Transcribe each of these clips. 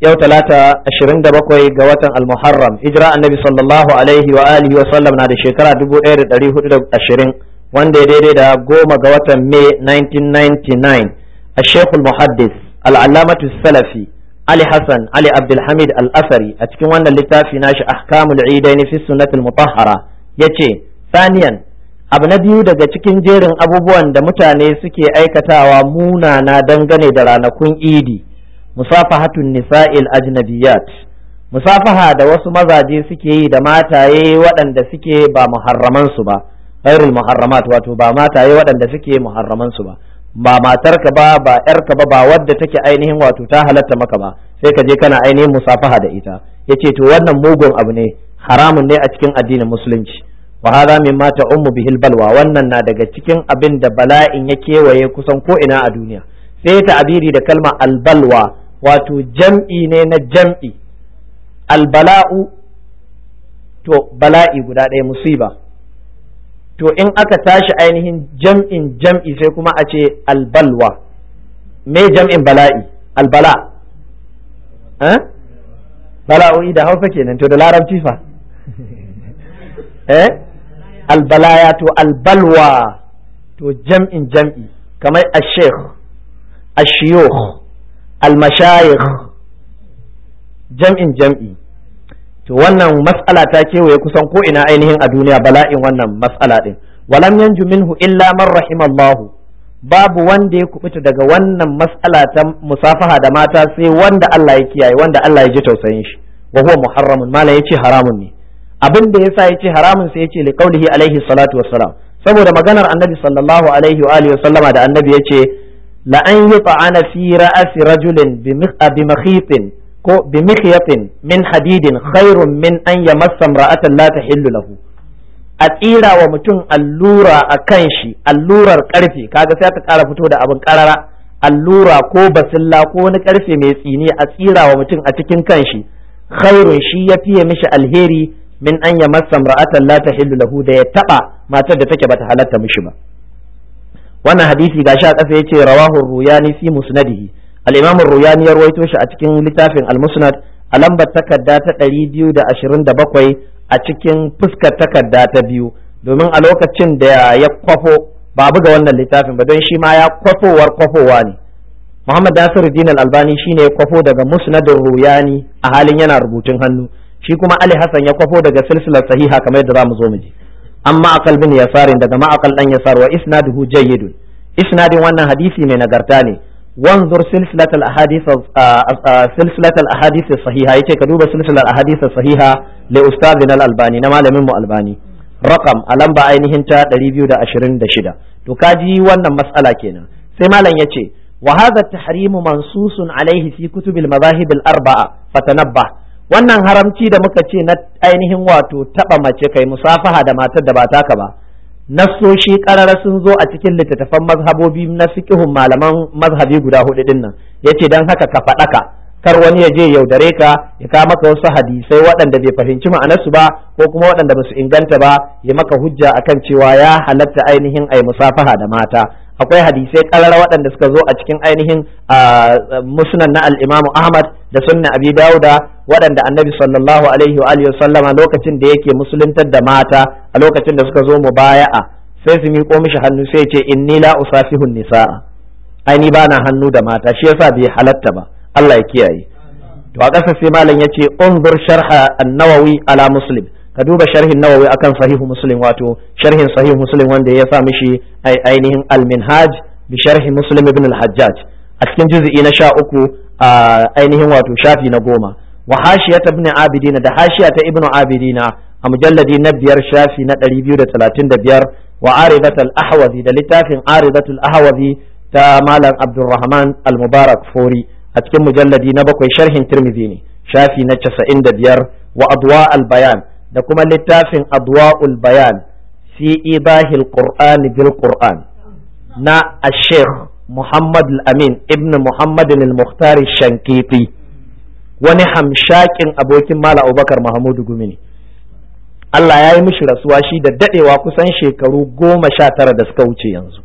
yau talata bakwai ga watan almuharram hijira annabi sallallahu alaihi wa alihi wa sallam na da shekara ashirin wanda ya daidai da goma ga watan may 1999 a shekul muhaddis al'alamatu salafi ali hassan ali abdulhamid al-asari a cikin wannan littafi nashi ahkamul idaini fi sunnatul mutahhara yace saniyan abu na biyu daga cikin jerin abubuwan da mutane suke aikatawa munana dangane da ranakun idi musafahatun nisa'il ajnabiyat musafaha da wasu mazaje suke yi da mataye waɗanda suke ba muharraman su ba ghairul muharramat wato ba mataye waɗanda suke muharraman su ba ba matarka ba ba ba ba wadda take ainihin wato ta halatta maka ba sai ka je kana ainihin musafaha da ita yace to wannan mugun abu ne haramun ne a cikin addinin musulunci wa hada mata ummu bihil balwa wannan na daga cikin abin da bala'in ya kewaye kusan ko ina a duniya sai ta abiri da kalma albalwa wato jam'i ne na jam'i albala'u to bala'i guda ɗaya musiba to in aka tashi ainihin jam'in jam'i sai kuma a ce albalwa me jam'in bala'i albala eh? bala'o'i da hausa kenan to da larabci fa eh albalaya to albalwa to jam'in jam'i kamar ashekh ashiyokh المشايخ jam'in jam'i to wannan mas'ala ta kewaye kusan ko ina ainihin a duniya bala'in wannan mas'ala din walam yanju minhu illa man rahimallahu babu wanda ya kubuta daga wannan mas'ala ta musafaha da mata sai wanda Allah ya kiyaye wanda Allah ya ji tausayin shi wa huwa muharramun mala yace haramun ne abin da yasa yace haramun sai yace liqaulihi alaihi salatu wassalam saboda maganar annabi sallallahu alaihi wa alihi wasallama da annabi yace la an yut'ana fi ra'si rajulin bi ah, min hadidin khairun min an yamassa imra'atan la tahillu lahu a tsira wa mutum allura a kanshi allurar karfe kaga sai aka kara fito da abin karara allura ko basilla ko wani karfe mai tsini a tsira wa mutum a cikin kanshi shi shi ya fiye mishi alheri min an yamassa imra'atan la tahillu lahu da ya taɓa matar da take bata halarta mishi ba wannan hadisi gashi a ƙasa yace rawahu ruyani fi musnadihi al-imam ruyani ya ruwaito shi a cikin littafin al-musnad a lambar takarda ta 227 a cikin fuskar takarda ta biyu domin a lokacin da ya kwafo ba buga wannan littafin ba don shi ma ya kwafowar kwafowa ne Muhammad Nasiruddin Al-Albani shine ya kwafo daga musnadin Ruyani a halin yana rubutun hannu shi kuma Ali Hassan ya kwafo daga silsilar sahiha kamar yadda zamu zo mu ji amma akal bin yasarin daga ma'akal dan yasar wa isnaduhu jayyidun isnadin wannan hadisi mai nagarta ne wanzur silsilatul ahadith uh, uh, uh, silsilatul ahadith sahiha yace ka duba silsilatul ahadith sahiha li ustadina al-albani na malamin mu albani rakam a lamba ainihin ta 226 to kaji wannan matsala kenan sai malam yace wa hadha at mansusun alaihi fi kutubil madahib al-arba'a fatanabbah wannan haramci da muka ce na ainihin wato taɓa mace kai musafaha da matar da ba taka ba Nasoshi karara sun zo a cikin littattafan mazhabobi na fiqhun malaman mazhabi guda hudu din nan yace dan haka ka faɗaka kar wani ya je yaudare ka ya ka maka wasu hadisai waɗanda bai fahimci ma'anarsu ba ko kuma waɗanda ba su inganta ba ya maka hujja akan cewa ya halatta ainihin ai musafaha da mata akwai hadisai karara waɗanda suka zo a cikin ainihin musnan na Al'imamu Ahmad da sunna Abi dauda waɗanda Annabi sallallahu alaihi wa alihi sallama lokacin da yake musuluntar da mata a lokacin da suka zo mu baya'a. sai su miƙo mishi hannu sai ce inni la usafihun nisaa ai ni bana hannu da mata shi yasa bai halatta ba Allah ya kiyaye to a ƙasa sai malam yace unzur sharha an-nawawi ala muslim ka duba sharhin nawawi akan sahihu muslim wato sharhin sahihu muslim wanda ya sa mishi ainihin al-minhaj bi sharhi muslim ibn al-hajjaj a cikin juz'i na sha uku a ainihin wato shafi na goma wa hashiya ta ibn abidina da hashiya ta ibn abidina a mujalladi na biyar shafi na ɗari biyu da talatin da biyar wa aridatul ahwazi da littafin al ahwazi ta malam abdulrahman al-mubarak fori a cikin mujalladi na bakwai sharhin tirmidhi ne shafi na casa'in da biyar wa adwa al-bayan da kuma littafin adwa'ul bayan fi ibahil qur'an bil qur'an na Asher, Muhammad al-Amin ibn Muhammad al-Mukhtar shankiti wani hamshakin abokin Mala Abubakar Mahmudu Gumini Allah ya yi mishi rasuwa shi da dadewa kusan shekaru goma sha tara da suka wuce yanzu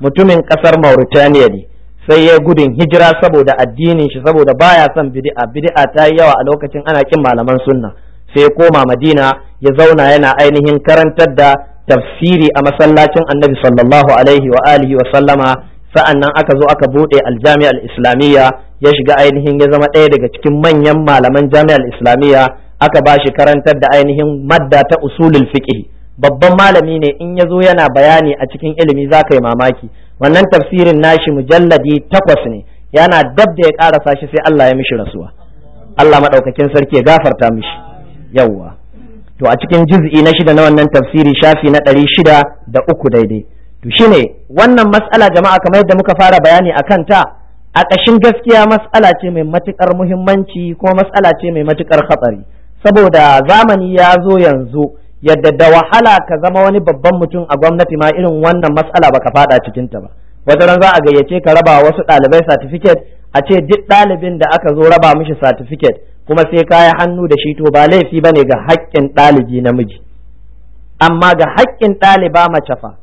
mutumin kasar Mauritaniya ne sai ya gudun hijira saboda addinin shi saboda baya son bid'a bid'a ta yi yawa a lokacin ana kin malaman sunna sai ya koma madina ya zauna yana ainihin karantar da tafsiri a masallacin annabi sallallahu alaihi wa alihi wa sallama sa'annan aka zo aka buɗe aljami'a islamiyya ya shiga ainihin ya zama ɗaya daga cikin manyan malaman jami'ar islamiyya aka ba shi karantar da ainihin madda ta usulul fiqh babban malami ne in ya zo yana bayani a cikin ilimi za ka yi mamaki wannan tafsirin nashi mujalladi takwas ne yana dab da ya karasa shi sai Allah ya mishi rasuwa Allah maɗaukakin sarki ya gafarta mishi yawwa to a cikin juz'i na shida na wannan tafsiri shafi na ɗari shida da uku daidai to shi ne wannan matsala jama'a kamar yadda muka fara bayani a kanta a ƙashin gaskiya matsala ce mai matuƙar muhimmanci kuma matsala ce mai matuƙar hatsari saboda zamani ya zo yanzu yadda da wahala ka zama wani babban mutum a gwamnati ma irin wannan matsala baka fada cikin ta ba wata ran za a gayyace ka raba wasu ɗalibai certificate a ce duk ɗalibin da aka zo raba mishi satifiket. kuma sai kaya hannu da shi to ba laifi bane ga haƙƙin ɗalibi namiji amma ga haƙƙin ɗaliba mace fa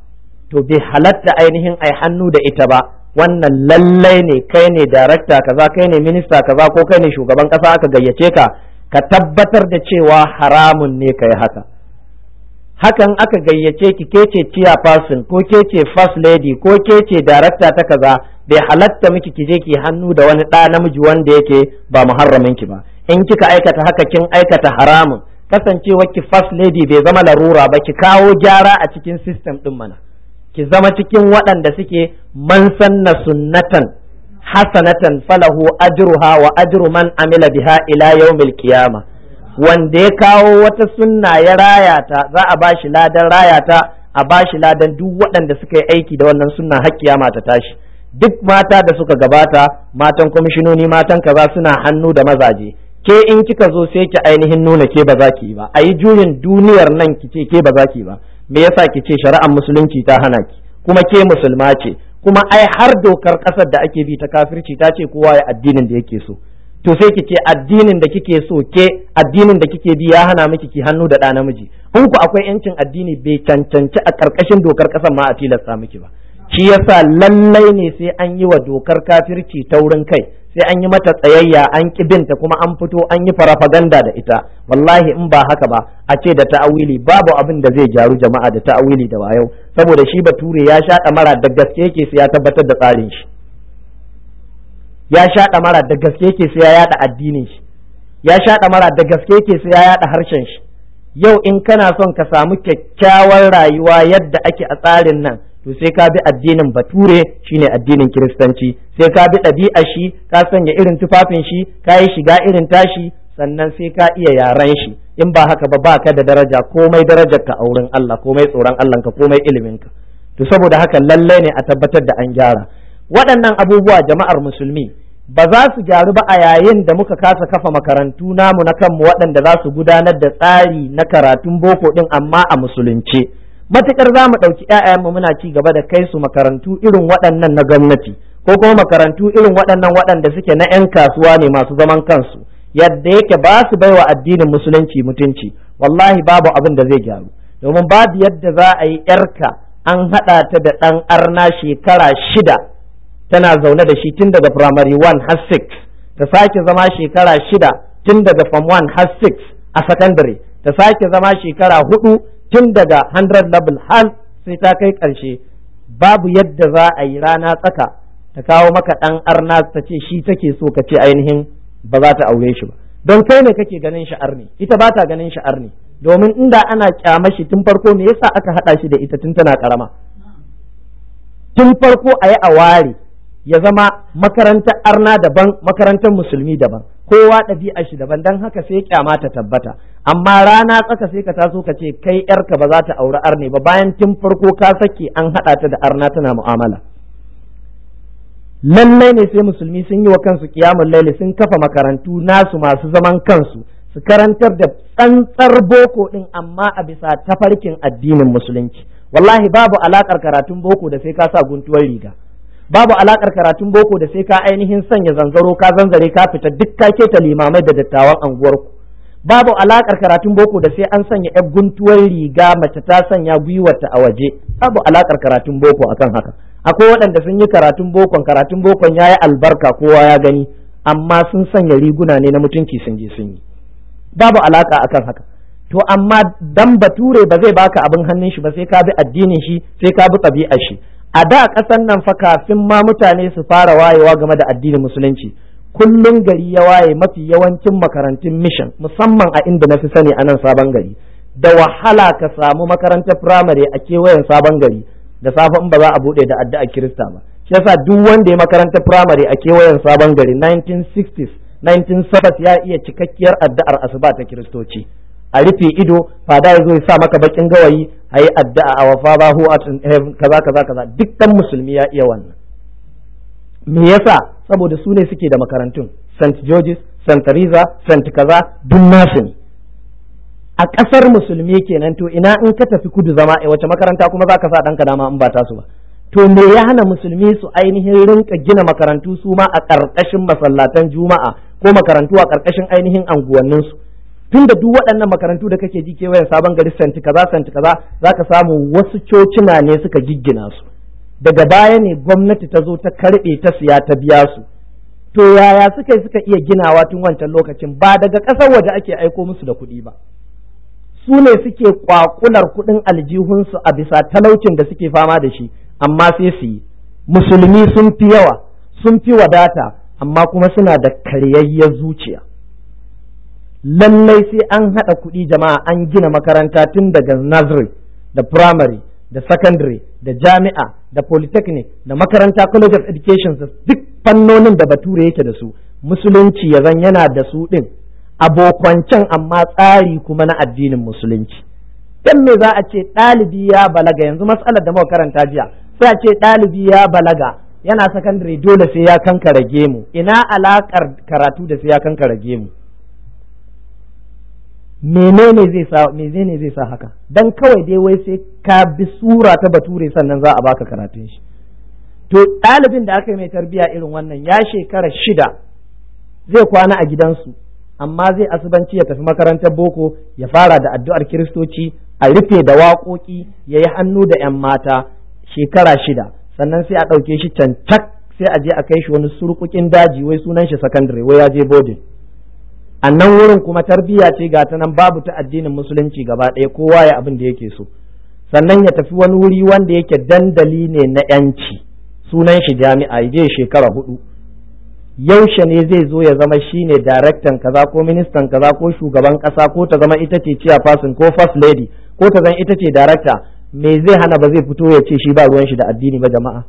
to bai halatta ainihin ai hannu da ita ba wannan lallai ne kai ne darakta kaza kai ne minista kaza ko kai ne shugaban ƙasa aka gayyace ka ka tabbatar da cewa haramun ne kai haka hakan aka gayyace ki ke ce chair person ko ke ce first lady ko ke ce director ta kaza bai halatta miki ki je ki hannu da wani ɗa namiji wanda yake ba muharramin ki ba in kika aikata haka kin aikata haramun kasancewa ki first lady bai zama larura ba ki kawo gyara a cikin sistem din mana ki zama cikin waɗanda suke man sanna sunnatan hasanatan falahu ajruha wa ajru man amila biha ila yawmil qiyamah wanda ya kawo wata sunna ya rayata za a ba shi ladan rayata a ba shi ladan duk waɗanda suka yi aiki da wannan sunna hakkiya mata tashi duk mata da suka gabata matan kwamishinoni matan kaza suna hannu da mazaje ke in kika zo sai ki ainihin nuna ke ba za ki yi ba a yi juyin duniyar nan ki ce ke ba za ki yi ba me yasa ki ce shari'ar musulunci ta hana ki kuma ke musulma ce kuma ai har dokar ƙasar da ake bi ta kafirci ta ce kowa ya addinin da yake so to sai ki ce addinin da kike so ke addinin da kike bi ya hana miki ki hannu da ɗa namiji in ku akwai yancin addini bai cancanci a ƙarƙashin dokar ƙasar ma a tilasta miki ba shi yasa lallai ne sai an yi wa dokar kafirci taurin kai sai an yi mata tsayayya an kibinta kuma an fito an yi farafaganda da ita wallahi in ba haka ba a ce da ta'awili babu abin da zai gyaru jama'a da ta'awili da wayo saboda shi bature ya sha mara da gaske yake sai ya tabbatar da tsarin shi ya sha ɗamara da gaske yake sai ya yaɗa addinin shi ya sha ɗamara da gaske ke sai ya yaɗa harshen shi yau in kana son ka samu kyakkyawar rayuwa yadda ake a tsarin nan to sai ka bi addinin bature shine addinin kiristanci sai ka bi ɗabi'ar shi ka sanya irin tufafin shi ka yi shiga irin tashi sannan sai ka iya yaren shi in ba haka ba baka da daraja komai darajarka a wurin Allah komai tsoron Allah ka komai ilimin ka to saboda haka lallai ne a tabbatar da an gyara waɗannan abubuwa jama'ar musulmi ba za su gyaru ba a yayin da muka kasa kafa makarantu namu na kanmu waɗanda za su gudanar da tsari na karatun boko ɗin amma a musulunce matuƙar za mu ɗauki ‘ya'yanmu muna ci gaba da kai su makarantu irin waɗannan na gwamnati ko kuma makarantu irin waɗannan waɗanda suke na ‘yan kasuwa ne masu zaman kansu yadda yake ba su wa addinin musulunci mutunci wallahi babu abin da zai gyaru domin babu yadda za a yi ‘yarka an haɗa ta da ɗan arna shekara shida tana zaune da shi tun daga primary 1 har 6 ta sake zama shekara shida tun daga form 1 har 6 a secondary ta sake zama shekara hudu tun daga 100 level har sai ta kai ƙarshe babu yadda za a yi rana tsaka ta kawo maka ɗan arna ta ce shi take so ka ce ainihin ba za ta aure shi ba don kai ne kake ganin shi ne ita ba ta ganin shi ne domin inda ana kyama shi tun farko me yasa aka haɗa shi da ita tun tana karama tun farko a yi a ware ya zama makarantar arna daban makarantar musulmi daban kowa ɗabi'a shi daban dan haka sai kyama ta tabbata amma rana tsaka sai ka taso ka ce kai yarka ba za ta auri arne ba bayan tun farko ka sake an haɗa ta da arna tana mu'amala lallai ne sai musulmi sun yi wa kansu kiyamun laili sun kafa makarantu nasu masu zaman kansu su karantar da tsantsar boko din amma a bisa tafarkin addinin musulunci wallahi babu alakar karatun boko da sai ka sa guntuwar riga babu alakar karatun boko da sai ka ainihin sanya zanzaro ka zanzare ka fita duk ka keta limamai da dattawan anguwarku babu alakar karatun boko da sai an sanya yar guntuwar riga mace ta sanya gwiwarta a waje babu alakar karatun boko akan haka akwai waɗanda sun yi karatun bokon karatun bokon ya yi albarka kowa ya gani amma sun sanya riguna ne na mutunci sun je sun yi babu alaka akan haka to amma dan bature ba zai baka abin hannun shi ba sai ka bi addinin shi sai ka bi ɗabi'ar shi a da ƙasan nan fa kafin ma mutane su fara wayewa game da addinin musulunci kullum gari ya waye mafi yawancin makarantun mission musamman a inda na fi sani a nan sabon gari da wahala ka samu makarantar firamare a kewayen sabon gari da safe in ba za a buɗe da addu'a kirista ba shi yasa duk wanda ya makarantar firamare a kewayen sabon gari 1960s 1970 s ya iya cikakkiyar addu'ar asuba ta kiristoci a rufe ido fada ya zo ya sa maka bakin gawayi ayi addu'a a wafa ba hu eh, kaza kaza kaza dukkan musulmi ya iya wannan me yasa saboda su ne suke da makarantun St George's St Teresa St kaza duk nasu a ƙasar musulmi kenan to ina in ka tafi kudu zama a eh, wace makaranta kuma za sa danka dama in ba ta su ba to me ya hana musulmi su ainihin rinka gina makarantu su ma a karkashin masallatan juma'a ko makarantu a ƙarƙashin ainihin anguwanninsu tun da duk waɗannan makarantu da kake ji kewaye sabon gari santi kaza santi kaza za ka samu wasu cocina ne suka giggina su daga baya ne gwamnati ta zo ta karɓe ta siya ta biya su to yaya suka suka iya ginawa tun wancan lokacin ba daga ƙasar waje ake aiko musu da kuɗi ba su ne suke kwakular kuɗin aljihunsu a bisa talaucin da suke fama da shi amma sai su yi musulmi sun fi yawa sun fi wadata amma kuma suna da karyayyar zuciya lallai sai an haɗa kuɗi jama'a an gina makaranta tun daga nursery da primary da secondary da jami'a da polytechnic da makaranta college of education duk fannonin da bature yake da su musulunci ya zan yana da su ɗin abokwancan amma tsari kuma na addinin musulunci dan me za a ce ɗalibi ya balaga yanzu matsalar da muka karanta jiya sai a ce ɗalibi ya balaga yana sakandare dole sai ya kankara gemu ina alaƙar karatu da sai ya kankara gemu menene zai sa menene zai sa haka dan kawai dai wai sai ka bi sura ta bature sannan za a baka karatun shi to ɗalibin da aka yi mai tarbiya irin wannan ya shekara shida zai kwana a gidansu amma zai asubanci ya tafi makarantar boko ya fara da addu'ar kiristoci a rufe da waƙoƙi ya yi hannu da 'yan mata shekara shida sannan sai a ɗauke shi cancak sai a je a kai shi wani surkukin daji wai sunan shi sakandare wai ya je bodin Annan wurin kuma tarbiyya ce ga ta nan babu ta addinin musulunci gaba ɗaya kowa ya abin da yake so sannan ya tafi wani wuri wanda yake dandali ne na yanci sunan shi jami'a ya je shekara hudu yaushe ne zai zo ya zama shi ne daraktan kaza ko ministan kaza ko shugaban kasa ko ta zama ita ce fasin ko first lady ko ta zama ita ce darakta me zai hana ba zai fito ya ce shi ba ruwan shi da addini ba jama'a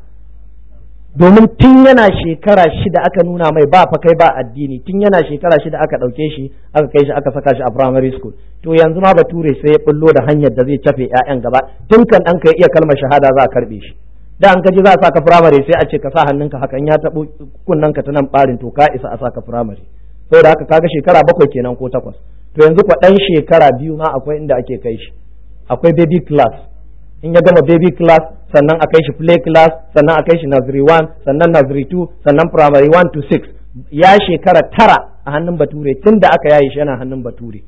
domin tun yana shekara shida aka nuna mai ba fa kai ba addini tun yana shekara shida aka ɗauke shi aka kai shi aka saka shi a primary school to yanzu ma bature sai ya bullo da hanyar da zai cafe 'ya'yan gaba tun kan dan ka iya kalmar shahada za a karɓe shi da an kaji za a saka firamare sai a ce ka sa hannunka hakan ya taɓo kunnenka ta nan barin to ka isa a saka firamare da haka kaga shekara bakwai kenan ko takwas to yanzu kwa ɗan shekara biyu ma akwai inda ake kai shi akwai baby class in ya gama baby class sannan a kai shi play class sannan a kai shi nursery 1 sannan nursery 2 sannan primary 1 to 6 ya shekara tara a hannun bature tun da aka yayi shi yana hannun bature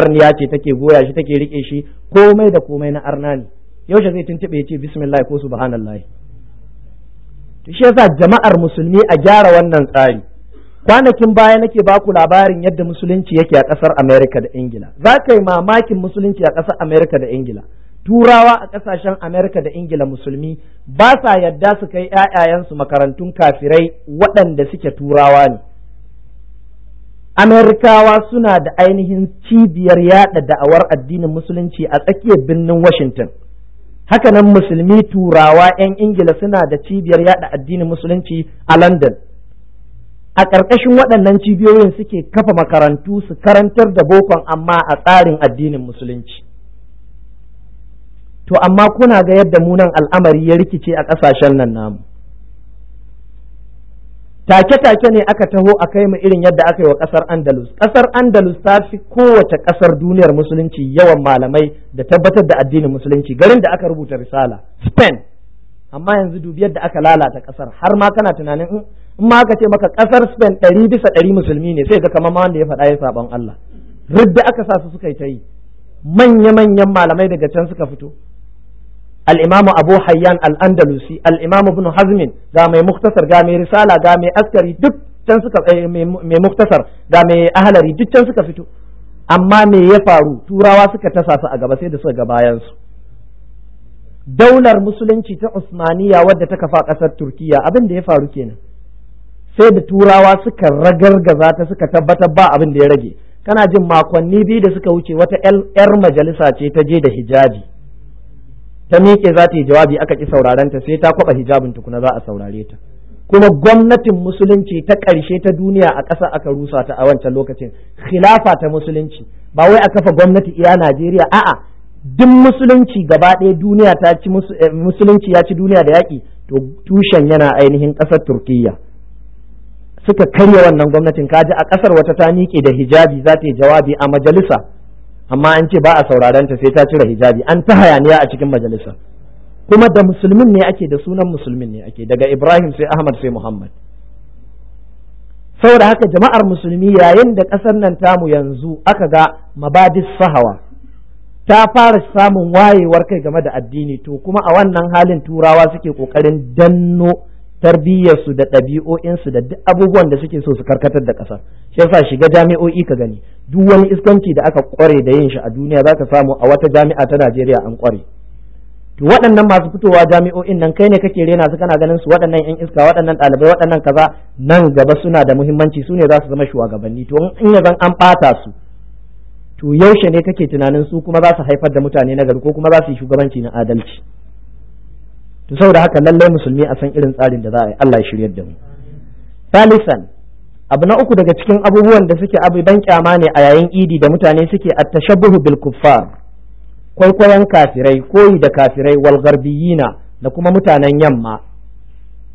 arniya ce take goya shi take rike shi komai da komai na arna ne yaushe zai tuntube ya ce bismillah ko subhanallah to shi yasa jama'ar musulmi a gyara wannan tsari kwanakin baya nake baku labarin yadda musulunci yake a kasar Amerika da Ingila za ka yi mamakin musulunci a ƙasar Amerika da Ingila turawa a ƙasashen amerika da ingila musulmi ba sa yadda su kai 'ya'yayansu makarantun kafirai waɗanda suke turawa ne amerikawa suna da ainihin cibiyar yaɗa da'awar addinin musulunci a tsakiyar birnin washington hakanan musulmi turawa 'yan ingila suna da cibiyar yaɗa addinin musulunci a london a ƙarƙashin waɗannan cibiyoyin suke kafa makarantu su karantar da bokon amma a tsarin addinin musulunci to amma kuna ga yadda munan al'amari ya rikice a ƙasashen nan namu take-take ne aka taho a kai mu irin yadda aka yi wa ƙasar andalus ƙasar andalus ta fi kowace ƙasar duniyar musulunci yawan malamai da tabbatar da addinin musulunci garin da aka rubuta risala spain amma yanzu dubi yadda aka lalata ƙasar har ma kana tunanin hmm, in ma aka ce maka ƙasar spain ɗari bisa ɗari musulmi ne sai ga kamar ma wanda ya faɗa ya saɓon allah ridda aka sa su suka yi ta yi manya-manyan malamai daga can suka fito Al'imamu أبو Al-Andalusi, الإمام ابن حزم ga mai muktasar ga mai risala ga mai askari duk can suka eh, mai muktasar ga mai ahalari duk can suka fito amma me ya faru turawa suka tasa su a gaba sai da suka ga bayan daular musulunci ta Usmaniyya wadda ta kafa ƙasar Turkiya abin ya faru kenan sai da turawa suka ragargaza ta suka tabbatar ba ya rage kana jin makonni biyu da suka wuce wata 'yar majalisa ce ta je da hijabi ta miƙe za ta yi jawabi aka ƙi sauraron ta sai ta kwaba hijabin tukuna za a saurare ta kuma gwamnatin musulunci ta ƙarshe ta duniya a ƙasa aka rusa ta a wancan lokacin khilafa ta musulunci ba wai a kafa gwamnati iya Najeriya a'a duk musulunci gaba ɗaya duniya ta ci eh, musulunci ya ci duniya da yaƙi to tushen yana ainihin ƙasar Turkiyya suka karya wannan gwamnatin kaji a ƙasar wata ta miƙe da hijabi za ta yi jawabi a majalisa amma an ce ba a sauraron ta sai ta cire hijabi an ta hayaniya a cikin majalisa kuma da musulmin ne ake da sunan musulmin ne ake daga Ibrahim sai Ahmad sai Muhammad saboda haka jama'ar musulmi yayin da ƙasar nan tamu yanzu aka ga mabadis sahawa ta fara samun wayewar kai game da addini to kuma a wannan halin turawa suke ƙoƙarin danno tarbiyyarsu da ɗabi'o'insu da duk abubuwan da suke so su karkatar da ƙasa shi yasa shiga jami'o'i ka gani duk wani iskanci da aka ƙware da yin shi a duniya za ka samu a wata jami'a ta Najeriya an ƙware to waɗannan masu fitowa jami'o'in nan kai ne kake rena su kana ganin su waɗannan yan iska waɗannan ɗalibai waɗannan kaza nan gaba suna da muhimmanci su ne za su zama shugabanni to in ya zan an ɓata su to yaushe ne kake tunanin su kuma za su haifar da mutane na gari ko kuma za su yi shugabanci na adalci to saboda haka lallai musulmi a san irin tsarin da za a yi Allah ya shiryar da mu Falisan, abu na uku daga cikin abubuwan da suke abu ban kyama ne a yayin idi da mutane suke a tashabbuhu bil kuffar kwaikwayon kafirai koyi da kafirai wal garbiyina da kuma mutanen yamma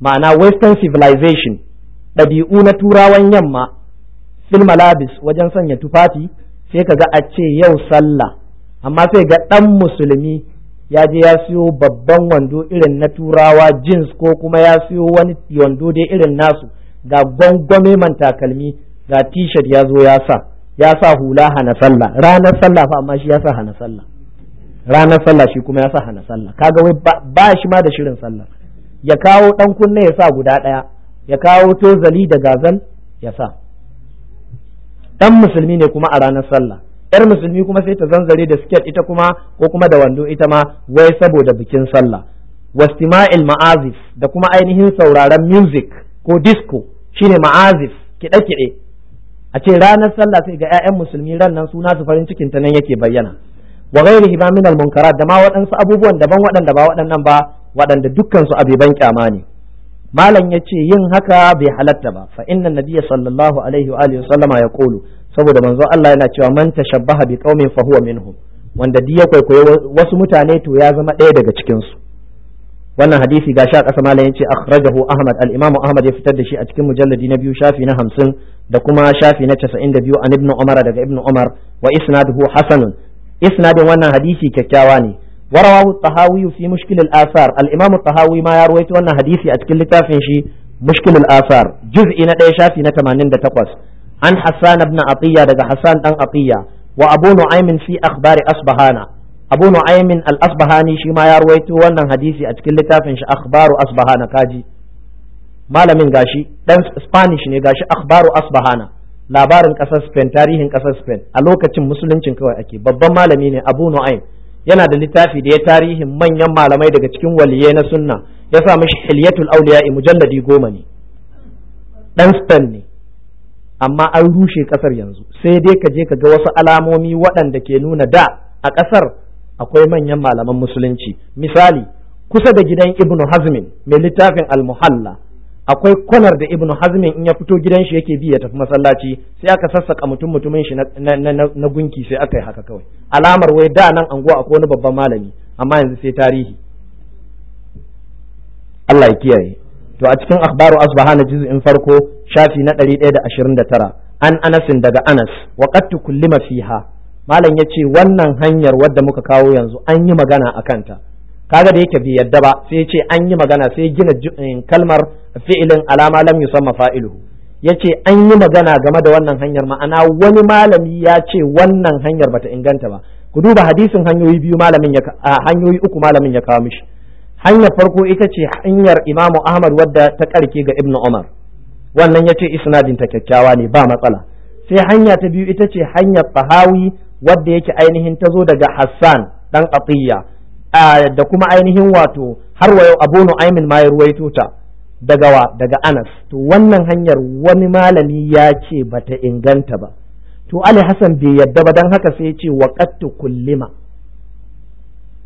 ma'ana western civilization ɗabi'u na turawan yamma fil malabis wajen sanya tufafi sai ka ga a ce yau sallah amma sai ga ɗan musulmi ya je ya siyo babban wando irin na turawa jeans ko kuma ya siyo wani wando dai irin nasu ga gwangwame man takalmi ga t-shirt ya zo ya sa ya sa hula hana sallah ranar sallah fa amma shi ya sa hana sallah ranar sallah shi kuma ya sa hana sallah kaga wai ba shi ma da shirin sallah ya kawo dan kunne ya sa guda daya ya kawo tozali da gazal ya sa dan musulmi ne kuma a ranar sallah yar musulmi kuma sai ta zanzare da siket ita kuma ko kuma da wando ita ma wai saboda bikin sallah wastima'il ma'azif da kuma ainihin sauraron music ko disco shine ma'azif kiɗe kiɗe a ce ranar sallah sai ga 'ya'yan musulmi ran nan suna su farin cikin ta nan yake bayyana wa ghairihi ma min al munkarat da ma waɗansu abubuwan daban waɗanda ba waɗannan ba waɗanda dukkan su abiban kyama ne malam yace yin haka bai halatta ba fa inna nabiyya sallallahu alaihi wa alihi wasallama yaqulu saboda manzo Allah yana cewa man tashabbaha bi qaumin fa huwa minhum wanda duk ya kwaikwaye wasu mutane to ya zama ɗaya daga cikin su wannan hadisi ga sha kasa malam yace akhrajahu Ahmad al-Imam Ahmad ya fitar da shi a cikin mujalladi na biyu shafi na 50 da kuma shafi na 92 an Ibn Umar daga Ibn Umar wa isnaduhu hasanun isnadin wannan hadisi kyakkyawa ne warawahu tahawi fi mushkil al-athar al tahawi ma ya rawaito wannan hadisi a cikin littafin shi mushkil al-athar juz'i na 1 shafi na 88 an Hassan ibn Atiyya daga Hassan dan Atiyya wa Abu Nu'aym si akbari Asbahana Abu Nu'aym al-Asbahani shi ya ruwaito wannan hadisi a cikin littafin shi akhbaru Asbahana kaji malamin gashi dan Spanish ne gashi akhbaru Asbahana labarin kasar Spain tarihin kasar Spain a lokacin musuluncin kawai ake babban malami ne Abu Nu'aym yana da littafi da ya tarihin manyan malamai daga cikin waliyai na sunna ya sa mishi hilyatul auliya mujalladi goma ne Ɗan Spain ne amma an rushe ƙasar yanzu sai dai ka je ka ga wasu alamomi waɗanda ke nuna da a ƙasar akwai manyan malaman musulunci misali kusa da gidan ibnu hazmin mai littafin almuhalla akwai kwanar da ibnu hazmin in ya fito gidan shi yake bi ya tafi masallaci sai aka sassaka mutum mutumin shi na, gunki sai aka yi haka kawai alamar wai da nan anguwa akwai wani babban malami amma yanzu sai tarihi Allah ya kiyaye to a cikin akhbaru asbahana juz'in farko shafi na 129 an anasin daga anas wa qad tukullima fiha malam yace wannan hanyar wadda muka kawo yanzu an yi magana akan ta kaga da yake bai yadda ba sai yace an yi magana sai gina eh, kalmar fi'ilin alama lam yusamma fa'iluhu yace an yi magana game da wannan hanyar ma'ana wani malami ya ce wannan hanyar bata inganta ba ku duba hadisin hanyoyi biyu malamin ya hanyoyi uku malamin ya kawo mishi hanyar farko ita ce hanyar imamu ahmad wadda ta karke ga ibnu umar wannan yace isnadin ta kyakkyawa ne ba matsala sai hanya ta biyu ita ce hanyar tahawi wadda yake ainihin tazo daga hassan dan atiyya da kuma ainihin wato har wayo abu nu'aymin ma ya ruwaito ta daga wa daga anas to wannan hanyar wani malami ya ce bata inganta ba to ali hasan bai yadda ba dan haka sai ya ce waqattu kullima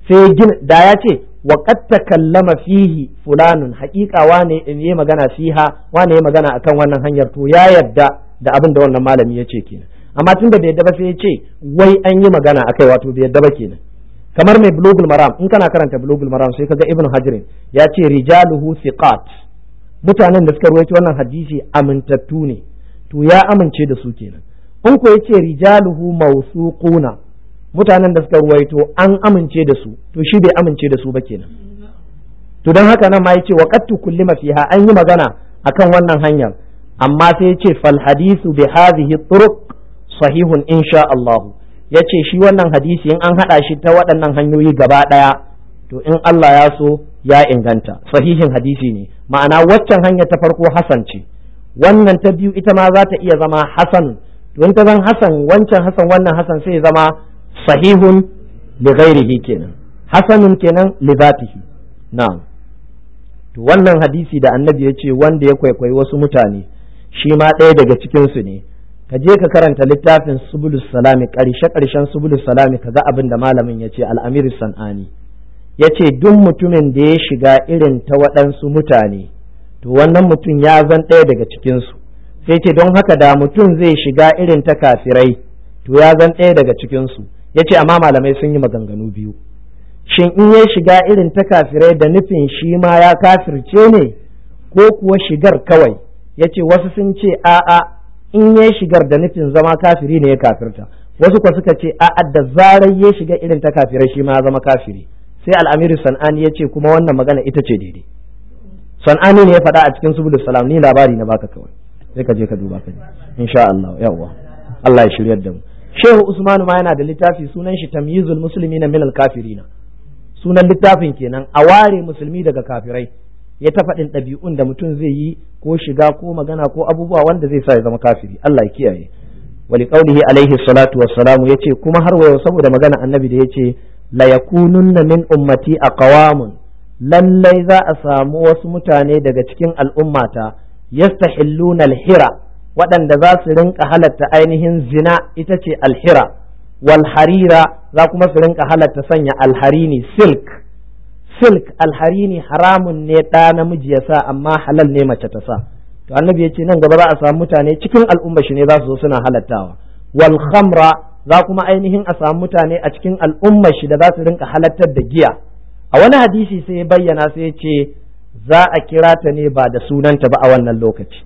sai gin da ya ce wa qad takallama fihi fulanun haqiqa wane in yi magana fiha wane yi magana akan wannan hanyar to ya yadda da abin da wannan malami ya ce kenan amma tun da bai daba sai ya ce wai an yi magana akai wato bai yadda ba kenan kamar mai bulugul maram in kana karanta bulugul maram sai kaga ibnu hajirin ya ce rijaluhu thiqat mutanen da suka ruwaito wannan hadisi amintattu ne to ya amince da su kenan in ko yace rijaluhu mawsuquna mutanen da suka ruwaito an amince da su to shi bai amince da su ba kenan to don haka nan ma yace wa qattu ma fiha an yi magana akan wannan hanyar amma sai yace fal hadisu bi hadhihi turuq sahihun insha Allah yace shi wannan hadisi in an hada shi ta waɗannan hanyoyi gaba daya to in Allah ya so ya inganta sahihin hadisi ne ma'ana waccan hanya ta farko hasan ce wannan ta biyu ita ma za ta iya zama hasan to in ta zan hasan wancan hasan wannan hasan sai zama sahihun li ghairihi kenan hasanun kenan li zatihi na'am to wannan hadisi da annabi ya ce wanda ya kwaikwayi wasu mutane shi ma ɗaya daga cikin su ne ka je ka karanta littafin subulus salami karshe ƙarshen subulus salami kaga abin da malamin ya ce al'amiru san'ani ya ce duk mutumin da ya shiga irin ta waɗansu mutane to wannan mutum ya zan ɗaya daga cikinsu sai ce don haka da mutum zai shiga irin ta kafirai to ya zan ɗaya daga cikinsu ya ce amma malamai sun yi maganganu biyu shin in ya shiga irin ta kafirai da nufin shi ma ya kafirce ne ko kuwa shigar kawai ya ce wasu sun ce a'a in ya shigar da nufin zama kafiri ne ya kafirta wasu kuwa suka ce a'a da zarar ya shiga irin ta kafirai shi ma ya zama kafiri sai al'amiru san'ani ya ce kuma wannan magana ita ce daidai san'ani ne ya faɗa a cikin subulus salam ni labari na baka kawai sai ka je ka duba ka ji insha Allah yawwa Allah ya shiryar da mu shehu usmanu ma yana da littafi sunan shi tamyizul muslimina minal kafirina sunan littafin kenan a ware musulmi daga kafirai ya ta faɗin ɗabi'un da mutum zai yi ko shiga ko magana ko abubuwa wanda zai sa ya zama kafiri Allah ya kiyaye wali qaulihi alaihi salatu wassalamu yace kuma har wayo saboda magana annabi da yace la yakununna min ummati aqwamun lallai za a samu wasu mutane daga cikin al'ummata yastahilluna al-hira waɗanda za su rinka halatta ainihin zina ita ce alhira walharira za kuma su rinka halatta sanya alharini silk silk alharini haramun ne ɗa namiji ya sa amma halal ne mace ta sa to annabi ya ce nan gaba za a samu mutane cikin al'umma shi ne za su zo suna halattawa wal khamra za kuma ainihin a samu mutane a cikin al'umma shi da za su rinka halattar da giya a wani hadisi sai ya bayyana sai ya ce za a kira ta ne ba da sunanta ba a wannan lokaci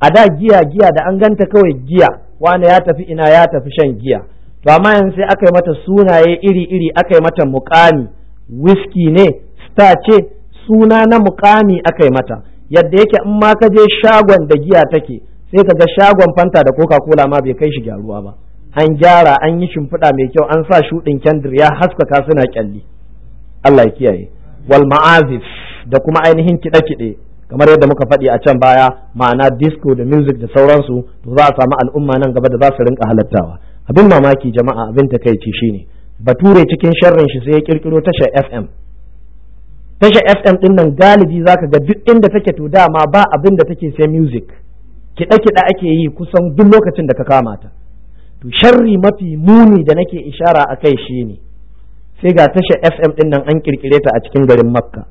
a da giya giya da an ganta kawai giya wani ya tafi ina ya tafi shan giya to amma yanzu sai aka yi mata sunaye iri iri aka yi mata mukami whisky ne star ce suna na mukami aka yi mata yadda yake in ma ka je shagon da giya take sai ka ga shagon fanta da coca cola ma bai kai shi gyaruwa ba an gyara an yi shimfiɗa mai kyau an sa shuɗin kyandir ya haskaka suna kyalli Allah ya kiyaye wal ma'azif da kuma ainihin kiɗe-kiɗe kamar yadda muka faɗi a can baya ma'ana disco da music da sauransu to za a samu al'umma nan gaba da za su rinka halattawa abin mamaki jama'a abin ta takaici shine bature cikin sharrin shi sai ya kirkiro tashar fm tashar fm din nan galibi zaka ga duk inda take to dama ba abin da take sai music kiɗa kiɗa ake yi kusan duk lokacin da ka kama ta to sharri mafi muni da nake ishara a kai shine sai ga tashar fm din nan an kirkire ta a cikin garin makka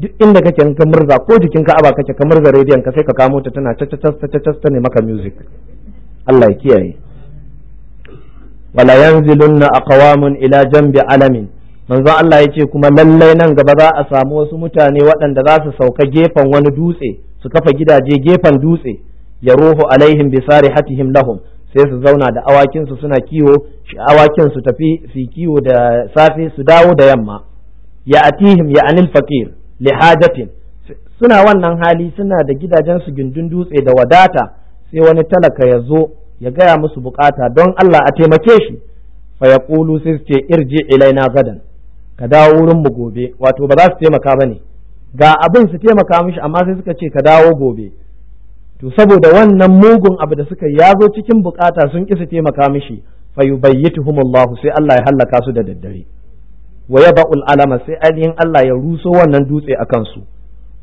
duk inda kake in ka murza ko jikin ka aba kake ka murza rediyon ka sai ka kamo ta tana ta ta ta ne maka music Allah ya kiyaye wala yanzilunna aqwamun ila janbi alamin manzo Allah ya ce kuma lallai nan gaba za a samu wasu mutane waɗanda za su sauka gefen wani dutse su kafa gidaje gefen dutse ya ruhu alaihim bi sarihatihim lahum sai su zauna da awakinsu suna kiwo shi awakin su tafi su kiwo da safe su dawo da yamma ya atihim ya anil faqir lihajatin suna wannan hali suna da gidajen su gindin dutse da wadata sai wani talaka ya zo ya gaya musu bukata don Allah a taimake shi fa ya kulu sai su ce irji ilaina gadan ka dawo wurin mu gobe wato ba za su taimaka ba ne ga abin su taimaka mishi amma sai suka ce ka dawo gobe to saboda wannan mugun abu da suka ya zo cikin bukata sun ki su taimaka mishi fa yubayyituhumullahu sai Allah ya hallaka su da daddare wa ya ba'ul alama sai ainihin Allah ya ruso wannan dutse a kansu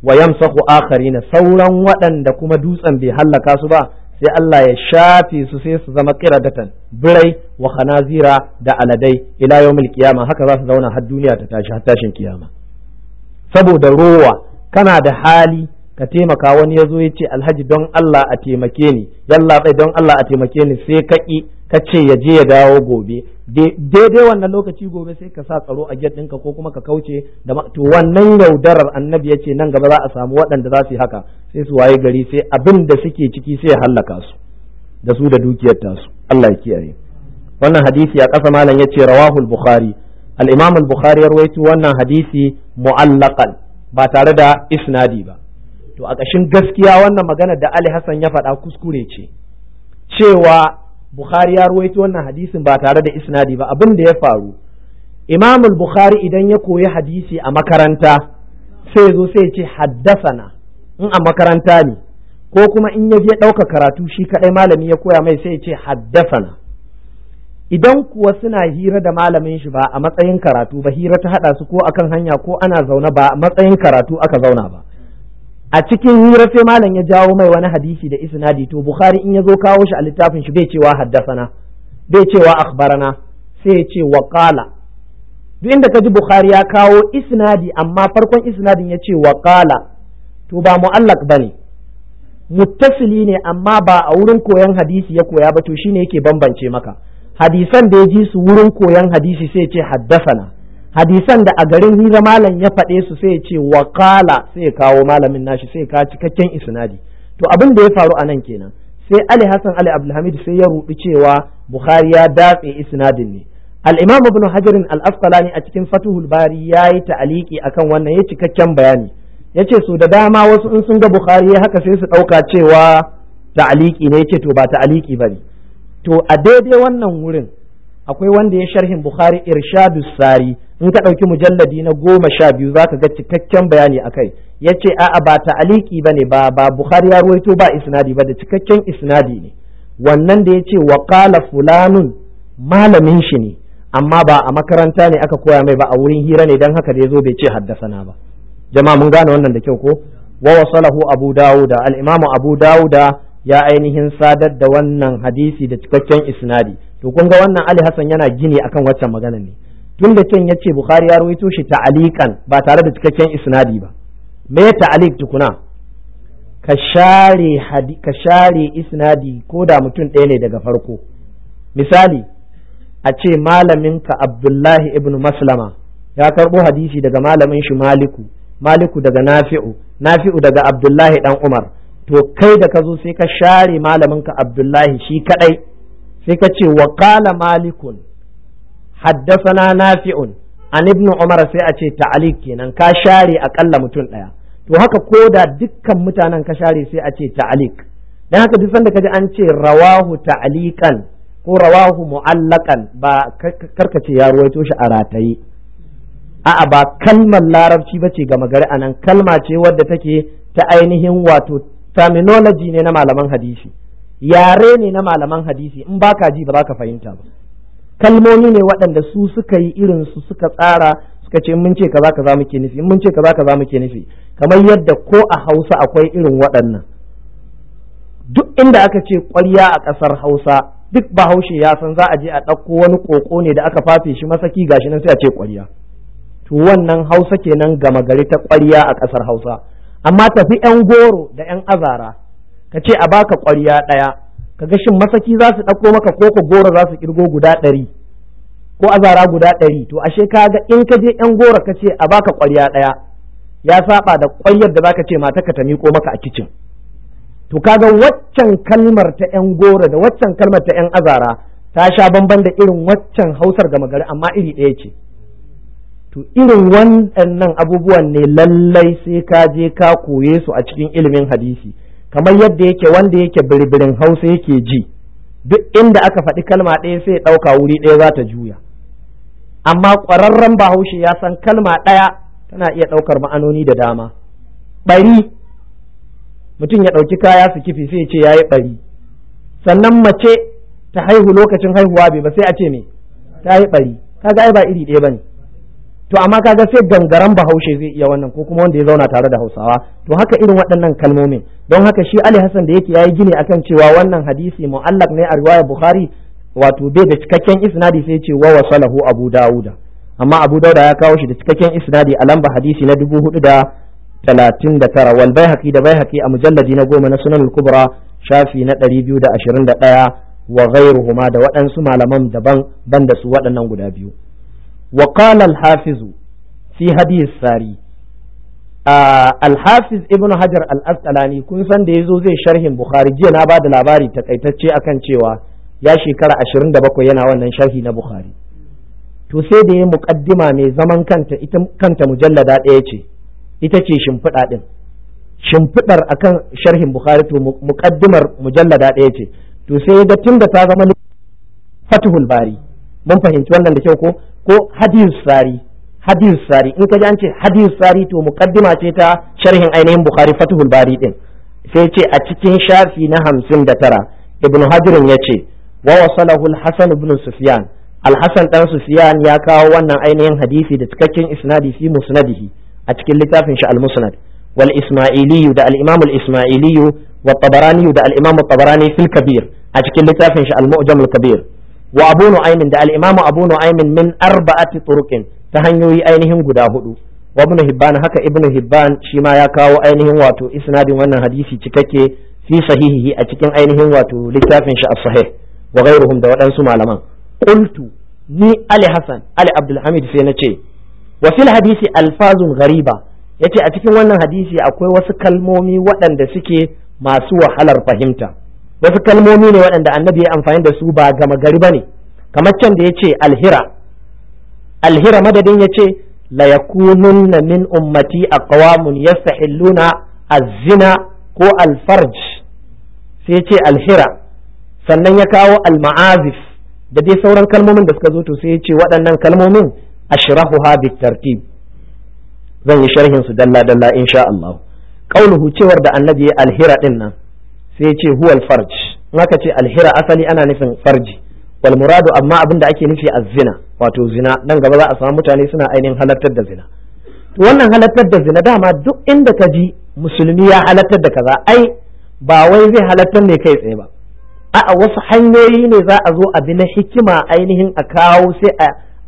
wa yamsahu akharina sauran waɗanda kuma dutsen bai hallaka su ba sai Allah ya shafe su sai su zama qiradatan birai wa khanazira da aladai ila yawmil qiyama haka za su zauna har duniya ta tashi har tashin kiyama saboda rowa kana da hali ka taimaka wani ya zo ya ce alhaji don Allah a taimake ni yalla bai don Allah a taimake ni sai ka ki ka ce ya je ya dawo gobe daidai wannan lokaci gobe sai ka sa tsaro a gate ko kuma ka kauce da to wannan yaudarar annabi ya ce nan gaba za a samu waɗanda za su yi haka sai su waye gari sai abin da suke ciki sai ya hallaka su da su da dukiyar tasu Allah ya kiyaye wannan hadisi a ƙasa malam ya ce rawahul bukhari al-imam al-bukhari ya rawaito wannan hadisi mu'allaqan ba tare da isnadi ba to a ƙashin gaskiya wannan magana da Ali Hassan ya faɗa kuskure ce cewa bukhari ya ruwaito wannan hadisin ba tare da isnadi ba abin da ya faru imamul bukhari idan ya koyi hadisi a makaranta sai zo sai ce haddasana in a makaranta ne ko kuma in ya je ɗauka karatu shi kaɗai malami ya koya mai sai ce haddasana idan kuwa suna hira da malamin shi ba a matsayin karatu ba hira ta haɗa su ko akan hanya ko ana zaune ba a matsayin karatu aka zauna ba a cikin hira sai malam ya jawo mai wani hadisi da isnadi to bukhari in ya zo kawo shi a littafin shi bai cewa haddasana bai cewa akhbarana sai ya ce waqala duk inda kaji bukhari ya kawo isnadi amma farkon isnadin ya ce waqala to ba mu'allaq bane muttasili ne amma ba a wurin koyan hadisi ya koya ba to shine yake bambance maka hadisan da ya ji su wurin koyan hadisi sai ya ce haddasana hadisan da a garin hira malam ya faɗe su sai ya ce wakala sai ya kawo malamin nashi sai ya kawo cikakken isnadi to abin da ya faru a nan kenan sai Ali Hassan Ali Abdulhamid sai ya rubi cewa Bukhari ya datse isnadin ne al-Imam Ibn Hajar al-Asqalani a cikin Fathul Bari yayi ta'aliki akan wannan ya cikakken bayani yace so da dama wasu in sun ga Bukhari ya haka sai su dauka cewa ta'aliki ne yace to ba ta'aliki bane to a daidai wannan wurin akwai wanda ya sharhin Bukhari Irshadus Sari in ka ɗauki mujalladi na goma sha biyu za ka ga cikakken bayani a kai ya ce a'a ba ta'aliki ba ne ba ba bukhari ya ruwaito ba isnadi ba da cikakken isnadi ne wannan da ya ce wa fulanun malamin shi ne amma ba a makaranta ne aka koya mai ba a wurin hira ne don haka da ya zo bai ce na ba jama'a mun gane wannan da kyau ko wa wasalahu abu dawuda al abu dawuda ya ainihin sadar da wannan hadisi da cikakken isnadi to kun ga wannan ali hasan yana gini akan waccan magana ne tun da can yace bukhari ya rawaito shi ta'alikan ba tare da cikakken isnadi ba me ta'alik tukuna ka share ka share isnadi ko da mutum ɗaya ne daga farko misali a ce ka abdullahi ibn maslama ya karbo hadisi daga malamin shi maliku maliku daga nafi'u nafi'u daga abdullahi dan umar to kai da ka zo sai ka share malamin ka abdullahi shi kadai sai ka ce wa qala malikun haddasana nafi'un an ibn umar sai a ce ta'alik kenan ka share akalla mutum ɗaya to haka ko da dukkan mutanen ka share sai a ce ta'alik dan haka duk sanda kaji an ce rawahu ta'alikan ko rawahu mu'allakan ba karkace ya ruwaito shi a rataye a'a ba kalmar larabci ba ce gama gari anan kalma ce wadda take ta ainihin wato terminology ne na malaman hadisi yare ne na malaman hadisi in baka ji ba za ka fahimta ba kalmomi ne waɗanda su suka yi irin su suka tsara suka ce mun ce kaza kaza muke nufi mun ce kaza kaza muke nufi kamar yadda ko a Hausa akwai irin waɗannan duk inda aka ce ƙwarya a ƙasar Hausa duk bahaushe ya san za a je a ɗauko wani ƙoƙo ne da aka fafe shi masaki gashi nan sai a ce ƙwarya to wannan Hausa kenan gama gari ta ƙwarya a ƙasar Hausa amma tafi 'yan goro da 'yan azara ka ce a baka ƙwarya ɗaya Ka ga shin masaki za su ɗauko maka ko ka goro za su kirgo guda ɗari ko azara guda ɗari to ashe ga in ka je yan goro ka ce a baka ƙwarya ɗaya ya saɓa da ƙwaryar da zaka ce mata ka ta miƙo maka a kicin to kaga waccan kalmar ta ƴan goro da waccan kalmar ta ƴan azara ta sha bamban da irin waccan hausar gama gari amma iri ɗaya ce to irin waɗannan abubuwan ne lallai sai ka je ka koye su a cikin ilimin hadisi kamar yadda yake wanda yake birbirin hausa yake ji duk inda aka faɗi kalma ɗaya sai ɗauka wuri ɗaya za ta juya amma ƙwararren bahaushe ya san kalma ɗaya tana iya ɗaukar ma'anoni da dama ɓari mutum ya ɗauki kaya su kifi sai ce ya yi ɓari sannan mace ta haihu lokacin haihuwa bai ba sai a ce me ta yi ɓari kaga ai ba iri ɗaya ba ne to amma kaga sai gangaren bahaushe zai iya wannan ko kuma wanda ya zauna tare da hausawa to haka irin waɗannan kalmomin don haka shi ali hassan da yake yi gini akan cewa wannan hadisi mu'allaq ne a riwaya bukhari wato bai da cikakken isnadi sai ce wa wasalahu abu dauda amma abu dauda ya kawo shi da cikakken isnadi a lamba hadisi na dubu hudu da talatin da tara wal baihaqi da baihaqi a mujalladi na goma na sunan kubra shafi na ɗari biyu da ashirin da ɗaya wa ghairuhuma da waɗansu malaman daban ban da su waɗannan guda biyu وقال الحافظ في هدي الساري alhafiz ibn hajar al-asqalani kun san da yazo zai sharhin bukhari jiya na ba da labari takaitacce akan cewa ya shekara 27 yana wannan sharhi na bukhari to da ya muqaddima mai zaman kanta ita kanta mujallada ɗaya ce ita ce shimfiɗa ɗin shimfiɗar akan sharhin bukhari to muqaddimar mujallada ɗaya ce to sai ya tunda ta zama fatuhul bari mun fahimci wannan da kyau ko ko hadis sari hadis sari in ka ji an ce hadis sari to muqaddima ce ta sharhin ainihin bukhari fatuhul bari din sai ce a cikin shafi na hamsin da tara ibnu hajirin ya ce wa wasalahu al-hasan ibn sufyan al-hasan dan sufyan ya kawo wannan ainihin hadisi da cikakken isnadi fi musnadihi a cikin littafin shi al-musnad wal isma'ili da al-imam al-isma'ili wa tabarani da al-imam at-tabarani fil kabir a cikin littafin shi al-mu'jam al-kabir wa abu nu'aymin da al-imam abu nu'aymin min arba'ati turuqin ta hanyoyi ainihin guda hudu wa ibn hibban haka ibn hibban shi ma ya kawo ainihin wato isnadin wannan hadisi cikakke fi sahihihi a cikin ainihin wato littafin shi as-sahih wa ghayruhum da waɗansu malaman qultu ni ali hasan ali abdul hamid sai na ce wa fil hadisi alfazun ghariba yace a cikin wannan hadisi akwai wasu kalmomi waɗanda suke masu wahalar fahimta wasu kalmomi ne waɗanda annabi ya amfani da su ba gama gari ba ne kamar can da ya ce alhira alhira madadin ya ce la yakununna min ummati aqwamun yastahilluna az-zina ko alfarj sai ya ce alhira sannan ya kawo alma'azif da dai sauran kalmomin da suka zo to sai ya ce waɗannan kalmomin ashrahuha bitartib zan yi sharhin su dalla dalla insha Allah qauluhu cewar da annabi alhira din nan sai ce huwal farj maka ce alhira asali ana nufin farji wal muradu amma abin da ake nufi azzina wato zina nan gaba za a samu mutane suna ainihin halartar da zina wannan halartar da zina dama duk inda ka ji musulmi ya halartar da kaza ai ba wai zai halartar ne kai tsaye ba a'a wasu hanyoyi ne za a zo a bi na hikima ainihin a kawo sai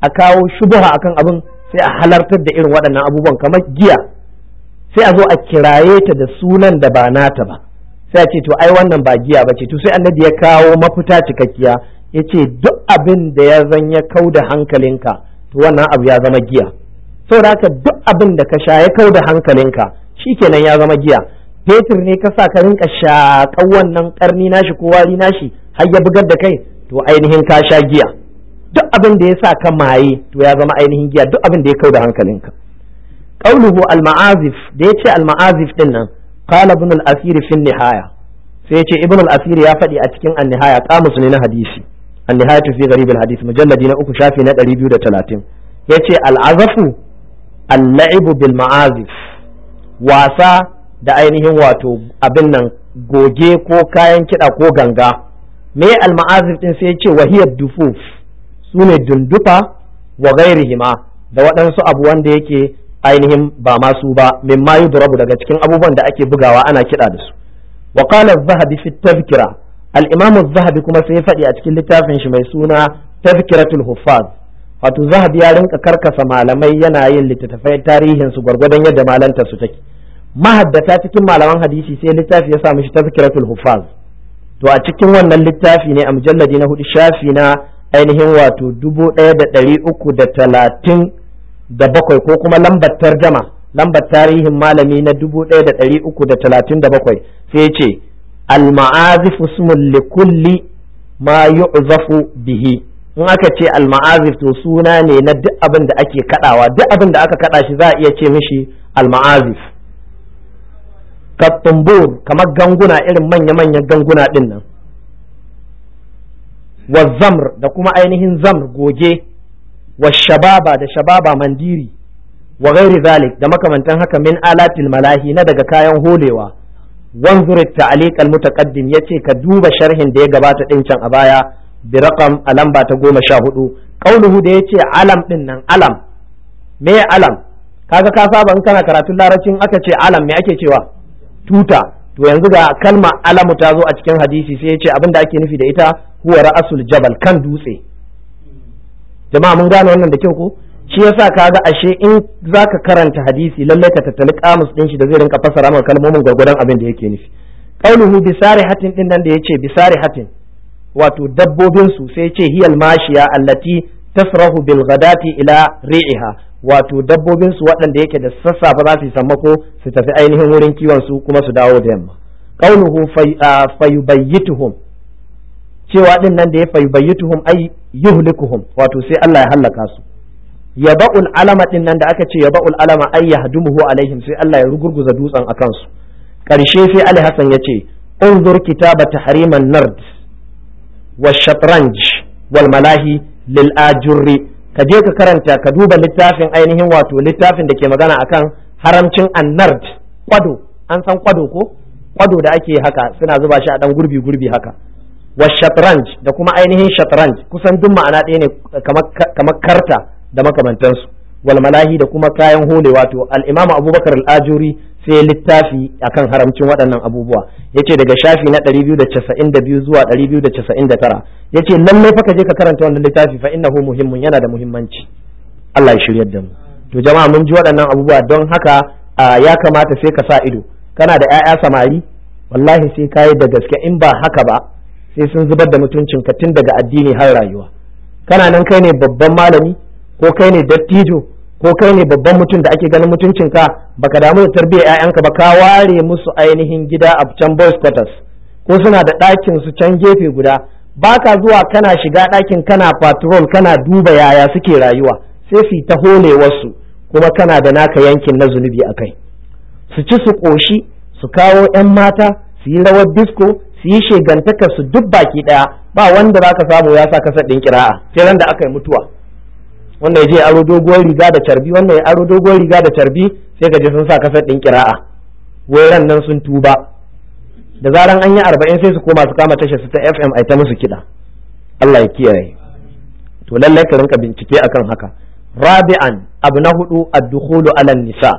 a kawo shubuha akan abin sai a halartar da irin waɗannan abubuwan kamar giya sai a zo a kiraye ta da sunan da ba nata ba sai ce to ai wannan ba giya ba ce to sai annabi ya kawo mafita cikakkiya ya ce duk abin da ya zan ya kau da hankalinka to wannan abu ya zama giya Sau da haka duk abin da ka sha ya kau da hankalinka kenan ya zama giya fetur ne ka sa ka rinka shaƙar wannan ƙarni nashi ko wari nashi har ya bugar da kai to ainihin ka sha giya duk abin da ya sa ka maye to ya zama ainihin giya duk abin da ya kau da hankalinka qauluhu al-ma'azif da yace al-ma'azif din nan qala ibn asiri asir fi nihaya sai ya ce ibn al ya faɗi a cikin an-nihaya qamus ne na hadisi an-nihayatu fi gharib al-hadith mujalladi na uku shafi na 230 yace al-azafu al-la'ibu bil ma'azif wasa da ainihin wato abin nan goge ko kayan kiɗa ko ganga me alma'azif ɗin sai ya wahiyar wahiyad dufuf sune dundufa wa gairihima da waɗansu abu wanda yake ainihin ba masu ba mimma yudrabu daga cikin abubuwan da ake bugawa ana kiɗa da su wa qala az-zahabi fi tadhkira al-imam az-zahabi kuma sai faɗi a cikin littafin shi mai suna tadhkiratul huffaz wato zahabi ya rinka karkasa malamai yana yin littattafai tarihin su gwargwadon yadda malanta su take mahaddata cikin malaman hadisi sai littafi ya sa mishi tazkiratul huffaz to a cikin wannan littafi ne a mujalladi na hudu shafi na ainihin wato dubu ɗaya da ɗari uku da talatin da bakwai ko kuma lambar tarjama lambar tarihin malami na dubu ɗaya da ɗari uku da talatin da bakwai sai ce al-ma'azif ismun li kulli ma yu'zafu bihi in aka ce al to suna ne na duk abin da ake kadawa duk abin da aka kada shi za a iya ce mishi al-ma'azif kattumbur kamar ganguna irin manya-manyan ganguna din nan wa zamr da kuma ainihin zamr goge wa shababa da shababa mandiri wa ghairi zalik da makamantan haka min alatil malahi na daga kayan holewa wanzur ta'liq al mutaqaddim yace ka duba sharhin da ya gabata din can a baya bi raqam alamba ta goma sha hudu qauluhu da yace alam din nan alam me alam kaga ka saba in kana karatun larabcin aka ce alam me ake cewa tuta to yanzu ga kalma alamu ta zo a cikin hadisi sai yace abin da ake nufi da ita huwa ra'asul jabal kan dutse jama'a mun gane wannan da kyau ko shi yasa ga ashe in zaka karanta hadisi lallai ka tattali kamus din shi da zai rinka fassara maka kalmomin gwargwadon abin da yake nufi qauluhu bisarihatin din nan da yace bisarihatin wato dabbobin su sai yace hiyal mashiya allati tasrahu bil ghadati ila ri'iha wato dabbobin su waɗanda yake da sassafe za su yi sammako su tafi ainihin wurin kiwon su kuma su dawo da yamma qauluhu fayubayyituhum cewa din nan da ya faybayyituhum ay yuhlikuhum wato sai Allah ya halaka su yaba'ul alama din nan da aka ce yaba'ul alama ay yahdumuhu alaihim sai Allah ya rugurguza dutsen akan su karshe sai Ali Hassan ya ce unzur kitaba tahriman nard wa shatranj wal malahi lil ajurri ka je ka karanta ka duba littafin ainihin wato littafin da ke magana akan haramcin annard kwado an san kwado ko kwado da ake haka suna zuba shi a dan gurbi gurbi haka wa shatranj da kuma ainihin shatranj kusan duk ma'ana ɗaya ne kamar karta da makamantansu wal malahi da kuma kayan hole wato al-imam abubakar al-ajuri sai littafi akan haramcin waɗannan abubuwa yace daga shafi na 292 zuwa 299 yace nan fa ka je ka karanta wannan littafi fa innahu muhimmun yana da muhimmanci Allah ya shiryar da mu to jama'a mun ji waɗannan abubuwa don haka ya kamata sai ka sa ido kana da 'ya'ya samari wallahi sai kayi da gaske in ba haka ba sai sun zubar da mutuncin ka tun daga addini har rayuwa kana nan kai ne babban malami ko kai ne dattijo ko kai ne babban mutum da ake ganin mutuncin ka baka damu da tarbiyyar ƴaƴanka ba ka ware musu ainihin gida a can boys quarters ko suna da ɗakin su can gefe guda baka zuwa kana shiga ɗakin kana patrol kana duba yaya suke rayuwa sai su ta hole wasu kuma kana da naka yankin na zunubi a kai su ci su ƙoshi su kawo 'yan mata su yi rawar disco su yi shegantakar su duk baki daya ba wanda zaka samu ya sa kasar din kira'a sai ran da aka yi mutuwa wanda ya je aro doguwar riga da carbi wanda ya aro doguwar riga da carbi sai ka je sun sa kasar din kira'a wai ran nan sun tuba da zaran an yi arba'in sai su koma su kama tashar su ta fm ai ta musu kiɗa Allah ya kiyaye to lallai ka rinka bincike akan haka rabi'an abu na hudu addukhulu alan ala nisa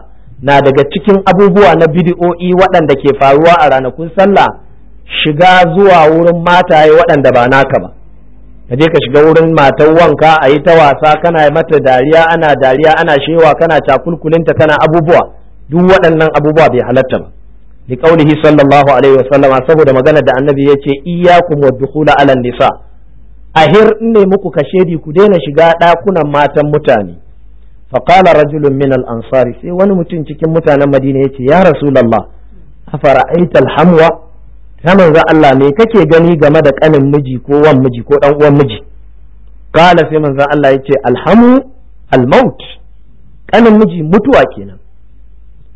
na daga cikin abubuwa na bidiyo'i waɗanda ke faruwa a ranakun sallah shiga zuwa wurin mata mataye waɗanda ba naka ba ka je ka shiga wurin matan wanka a yi ta wasa kana mata dariya ana dariya ana shewa kana cakulkulinta kana abubuwa duk waɗannan abubuwa bai halatta ba li qaulihi sallallahu alaihi wasallama saboda magana da annabi yace iyyakum wadkhula ala nisa ahir ne muku di ku daina shiga ɗakunan matan mutane فقال رجل من ansari sai wani mutum cikin mutanen madina yace ya rasulullah afara'aita hamwa ta manzo Allah me kake gani game da kanin miji ko wan miji ko dan uwan miji kala sai manzo Allah yace alhamu almaut kanin miji mutuwa kenan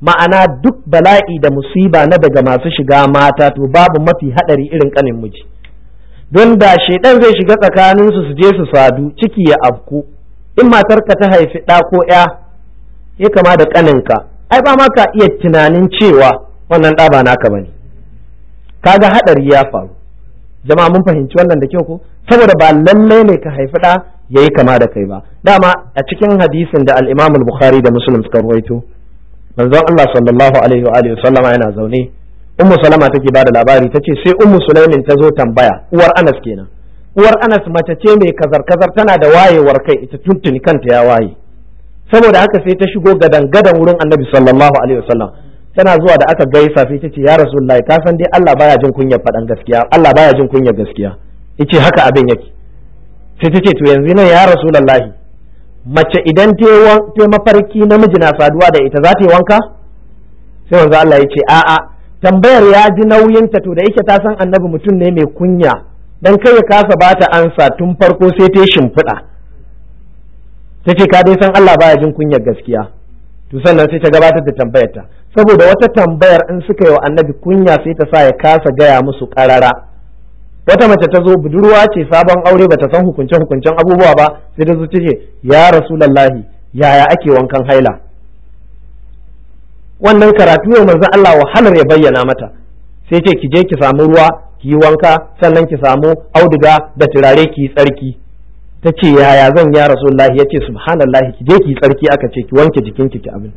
ma'ana duk bala'i da musiba na daga masu shiga mata to babu mafi hadari irin kanin miji don da shaidan zai shiga tsakanin su su je su sadu ciki ya afku in matarka ta haifi ɗa ko ya ya kama da kaninka ai ba ma ka iya tunanin cewa wannan da ba naka bane kaga hadari ya faru jama'a mun fahimci wannan da kyau ko saboda ba lalle ne ka haifi da yayi kama da kai ba dama a cikin hadisin da al-Imam al-Bukhari da Muslim suka rawaito manzon Allah sallallahu alaihi wa alihi sallama yana zaune ummu salama take bada labari tace sai ummu sulaimin ta zo tambaya uwar Anas kenan uwar Anas mace ce mai kazar kazar tana da wayewar kai ita tuntuni kanta ya waye saboda haka sai ta shigo gadan gadan wurin Annabi sallallahu alaihi wasallam tana zuwa da aka gaisa sai ta ce ya rasulullahi ka san dai Allah baya jin kunyar faɗan gaskiya Allah baya jin kunyar gaskiya yace haka abin yake sai ta ce to yanzu nan ya rasu rasulullahi mace idan ta mafarki namiji na saduwa da ita za ta yi wanka sai wanzu Allah ya ce a'a tambayar ya ji nauyin ta to da yake ta san annabi mutum ne mai kunya dan kai ya kasa bata ansa tun farko sai ta shimfiɗa ta ce ka dai san Allah baya jin kunyar gaskiya to sannan sai ta gabatar da tambayar ta saboda wata tambayar in suka yi wa annabi kunya sai ta sa ya kasa gaya musu karara wata mace ta zo budurwa ce sabon aure bata san hukunce hukuncen abubuwa ba sai ta zo ta ce ya rasulullahi yaya ake wankan haila wannan karatu ne manzo Allah wahalar ya bayyana mata sai ce ki je ki samu ruwa ki yi wanka sannan ki samu auduga da turare ki tsarki ta ce yaya zan ya rasulullahi ya ce subhanallahi ki je ki tsarki aka ce ki wanke jikinki ki abin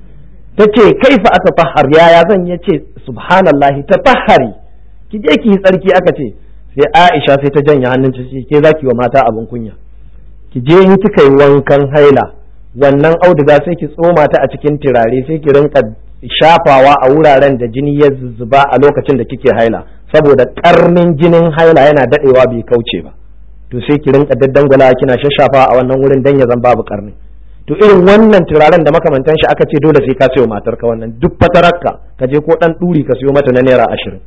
ta ce kaifa aka fahar yaya zan ya ce subhanallahi ta fahari ki je ki tsarki aka ce sai Aisha sai ta janye hannun ta ce ke ki wa mata abin kunya ki je in kika wankan haila wannan auduga sai ki tsoma ta a cikin turare sai ki rinka shafawa a wuraren da jini ya zuzzuba a lokacin da kike haila saboda karnin jinin haila yana dadewa bai kauce ba to sai ki rinka daddangwala kina shashafa a wannan wurin dan ya babu karni to irin wannan turaren da makamantan shi aka ce dole sai ka sayo matarka wannan duk fatararka ka je ko dan duri ka sayo mata na naira ashirin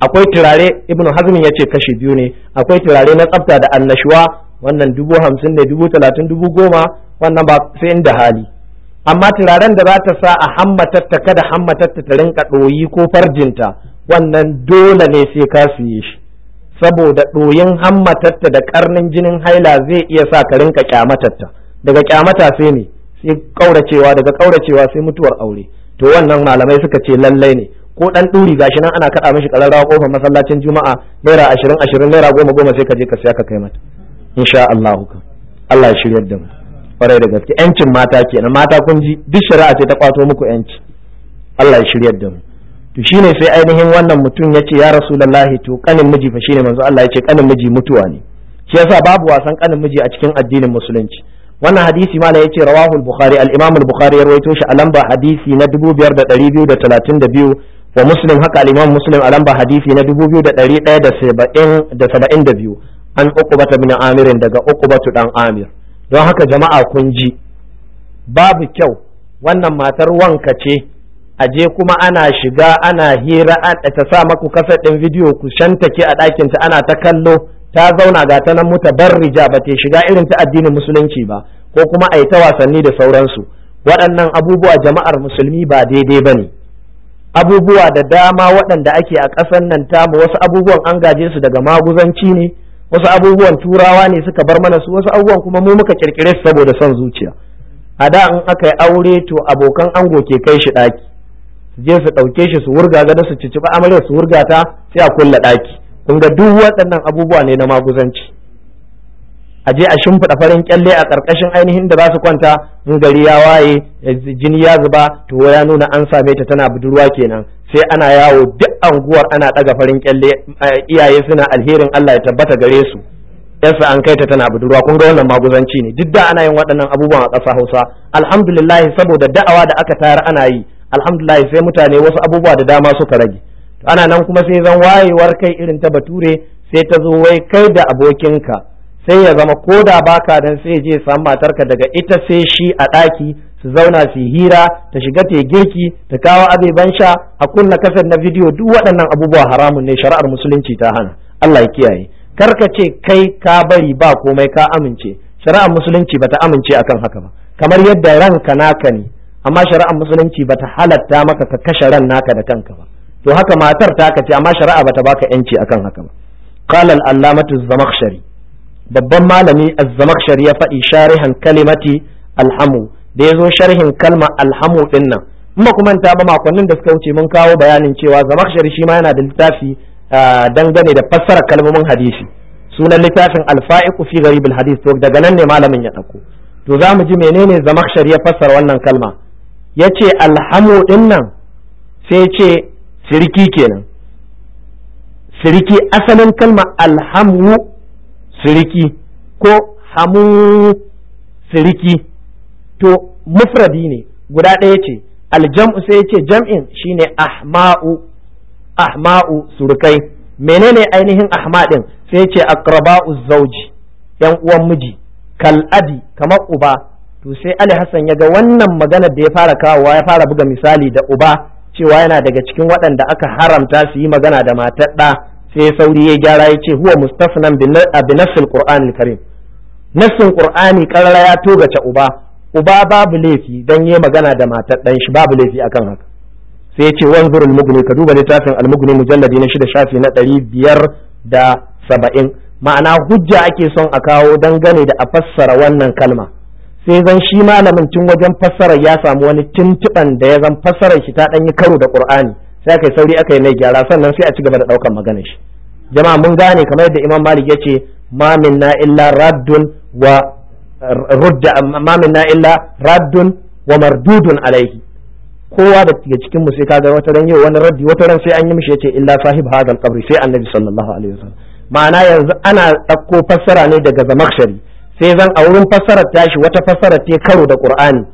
akwai turare ibn hazmin ya ce kashi biyu ne akwai turare na tsafta da annashuwa wannan dubu hamsin ne dubu talatin dubu goma wannan ba sai inda hali amma turaren da za ta sa a hammatatta kada hammatatta ta rinka ɗoyi ko farjinta wannan dole ne sai ka siye shi saboda ɗoyin hammatarta da karnin jinin haila zai iya sa ka rinka kyamatarta daga kyamata sai ne sai kauracewa daga kauracewa sai mutuwar aure to wannan malamai suka ce lallai ne ko dan duri gashi nan ana kaɗa mishi kararrawa kofar masallacin juma'a naira ashirin ashirin naira goma goma sai ka je ka siya ka kai mata insha Allah ka Allah ya shiryar da mu kwarai da gaske yancin mata kenan mata kun ji duk shari'a ce ta kwato muku yanci Allah ya shiryar da mu to shine sai ainihin wannan mutum ya ce ya rasulullahi to kanin miji fa shine manzo Allah ya ce kanin miji mutuwa ne shi yasa babu wasan kanin miji a cikin addinin musulunci wannan hadisi ma ya ce rawahu al-bukhari al-imam al-bukhari ya rawaito shi a lamba hadisi na 2232 wa muslim haka al-imam muslim a lamba hadisi na 2172 an uqbata min amirin daga uqbatu dan amir don haka jama'a kun ji babu kyau wannan matar wanka ce a je kuma ana shiga ana hira ta sa maku kasar ɗin bidiyo ku shantake a ɗakinta ana ta kallo ta zauna ga ta nan muta Rija ba ta shiga irin ta addinin musulunci ba ko kuma a yi ta wasanni da sauransu waɗannan abubuwa jama'ar musulmi ba daidai ba ne abubuwa da dama waɗanda ake a ƙasar nan tamu wasu abubuwan an gaje su daga maguzanci ne wasu abubuwan turawa ne suka bar mana su wasu abubuwan kuma mu muka kirkire su saboda son zuciya a da in aka yi aure to abokan ango ke kai shi ɗaki je su ɗauke shi su wurga gado su ciciba amaryar su wurga ta sai a kulle ɗaki kun ga duk waɗannan abubuwa ne na maguzanci a je a shimfiɗa farin kyalle a ƙarƙashin ainihin da za su kwanta in gari ya waye jini ya zuba to ya nuna an same ta tana budurwa kenan sai ana yawo duk anguwar ana ɗaga farin kyalle iyaye suna alherin Allah ya tabbata gare su yasa an kai ta tana budurwa kun ga wannan maguzanci ne duk da ana yin waɗannan abubuwan a ƙasa Hausa alhamdulillah saboda da'awa da aka tayar ana yi alhamdulillah sai mutane wasu abubuwa da dama suka rage ana nan kuma sai zan wayewar kai irin ta bature sai ta zo wai kai da abokinka sai ya zama ko da baka dan sai je samu matarka daga ita sai shi a ɗaki su zauna su hira ta shiga ta girki ta kawo abeban sha a kunna kasar na bidiyo duk waɗannan abubuwa haramun ne shari'ar musulunci ta hana Allah ya kiyaye kar ka ce kai ka bari ba komai ka amince shari'ar musulunci bata amince akan haka ba kamar yadda ranka naka ne amma shari'ar musulunci bata halatta maka ka kashe ran naka da kanka ba to haka matar ta ce amma shari'a bata baka yanci akan haka ba qala al-allamatu zamakhshari babban malami az-zamakhshari ya faɗi sharihan kalimati alhamu da yazo sharhin kalma alhamu din nan in ba kuma ta ba makonnin da suka wuce mun kawo bayanin cewa zamakhshari shi ma yana da littafi dangane da fassara kalmomin hadisi sunan littafin alfa'iqu fi gharib al-hadith to daga nan ne malamin ya dauko to za mu ji menene zamakhshari ya fassara wannan kalma ya ce alhamu ɗin nan sai ce siriki kenan siriki asalin kalma alhamu siriki ko hamu siriki to mufradi ne guda ɗaya ce aljam'u sai ya ce jam'in shine ahma'u ahma'u surukai menene ainihin ahma ɗin sai ce akraba'u zauji yan uwan miji kal'adi kamar uba to sai Ali Hassan ya ga wannan maganar da ya fara kawowa ya fara buga misali da uba cewa yana daga cikin waɗanda aka haramta su yi magana da matar ɗa sai sauri ya gyara ya ce huwa mustafnan bi nassil qur'anil karim nassin qur'ani karara ya togace uba uba babu laifi dan yi magana da matar ɗan shi babu laifi akan haka sai ya ce wanzur al-mughni ka duba littafin al-mughni mujalladi na shida shafi na ɗari biyar da saba'in ma'ana hujja ake son a kawo dangane da a fassara wannan kalma sai zan shi malamin tun wajen fassara ya samu wani tuntuɓan da ya zan fassarar shi ta ɗan yi karo da ƙur'ani sai aka yi sauri aka yi mai gyara sannan sai a ci gaba da ɗaukar maganar shi jama'a mun gane kamar yadda imam malik ya ce ma na illa raddun wa mardudun alaihi kowa da daga cikin mu sai kaga wata ran yau wani raddi wata ran sai an yi mishi yace illa sahib hadal qabri sai annabi sallallahu alaihi wasallam ma'ana yanzu ana ɗauko fassara ne daga zamakshari sai zan a wurin fassarar tashi wata fassarar ta karo da qur'ani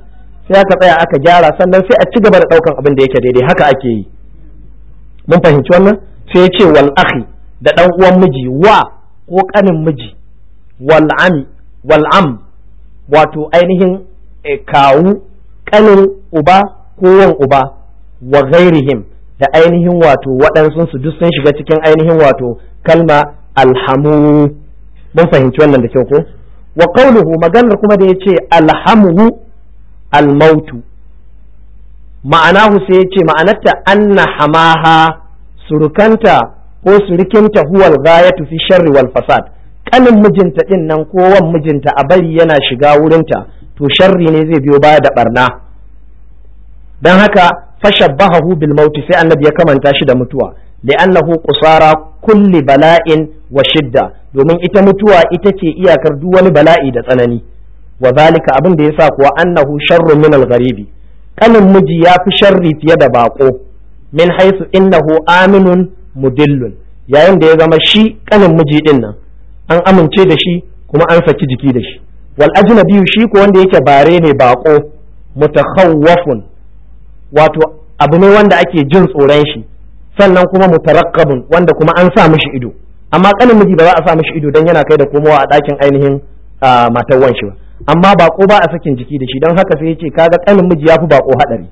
sai aka tsaya aka gyara sannan sai a ci gaba da daukan abin da yake daidai haka ake yi mun fahimci wannan sai ya ce wal akhi da dan uwan miji wa ko kanin miji wal ami wal am wato ainihin e, kawu kanin uba ko wan uba wa ghairihim da ainihin wato waɗansu su duk sun shiga cikin ainihin wato kalma alhamu mun fahimci wannan da kyau ko wa qawluhu maganar kuma da yace alhamhu almautu ma'anahu sai yace ma'anarta anna hamaha surukanta ko surukinta huwal ghayatu fi sharri wal fasad kanin mijinta din nan ko mijinta a bari yana shiga wurinta to sharri ne zai biyo baya da barna Don haka fashabbahahu bil mauti sai annabi ya kamanta shi da mutuwa li'annahu qusara kulli bala'in wa shidda domin ita mutuwa ita ce iyakar duk wani bala'i da tsanani Wazalika abin da yasa kuwa annahu sharrun min al-gharibi kanin miji ya fi sharri fiye da baƙo, min haisu innahu aminun mudillun yayin da ya zama shi ƙanin miji din an amince da shi kuma an saki jiki da shi wal ajnabiyu shi ko wanda yake bare ne bako mutakhawwafun wato abu ne wanda ake jin tsoron shi sannan kuma mutarakkabun wanda kuma an sa mishi ido amma kanin miji ba za a sa mishi ido dan yana kai da komowa a ɗakin ainihin matar wanshi ba amma bako ba a sakin jiki da shi don haka sai ya ce kaga kanin miji ya fi bako haɗari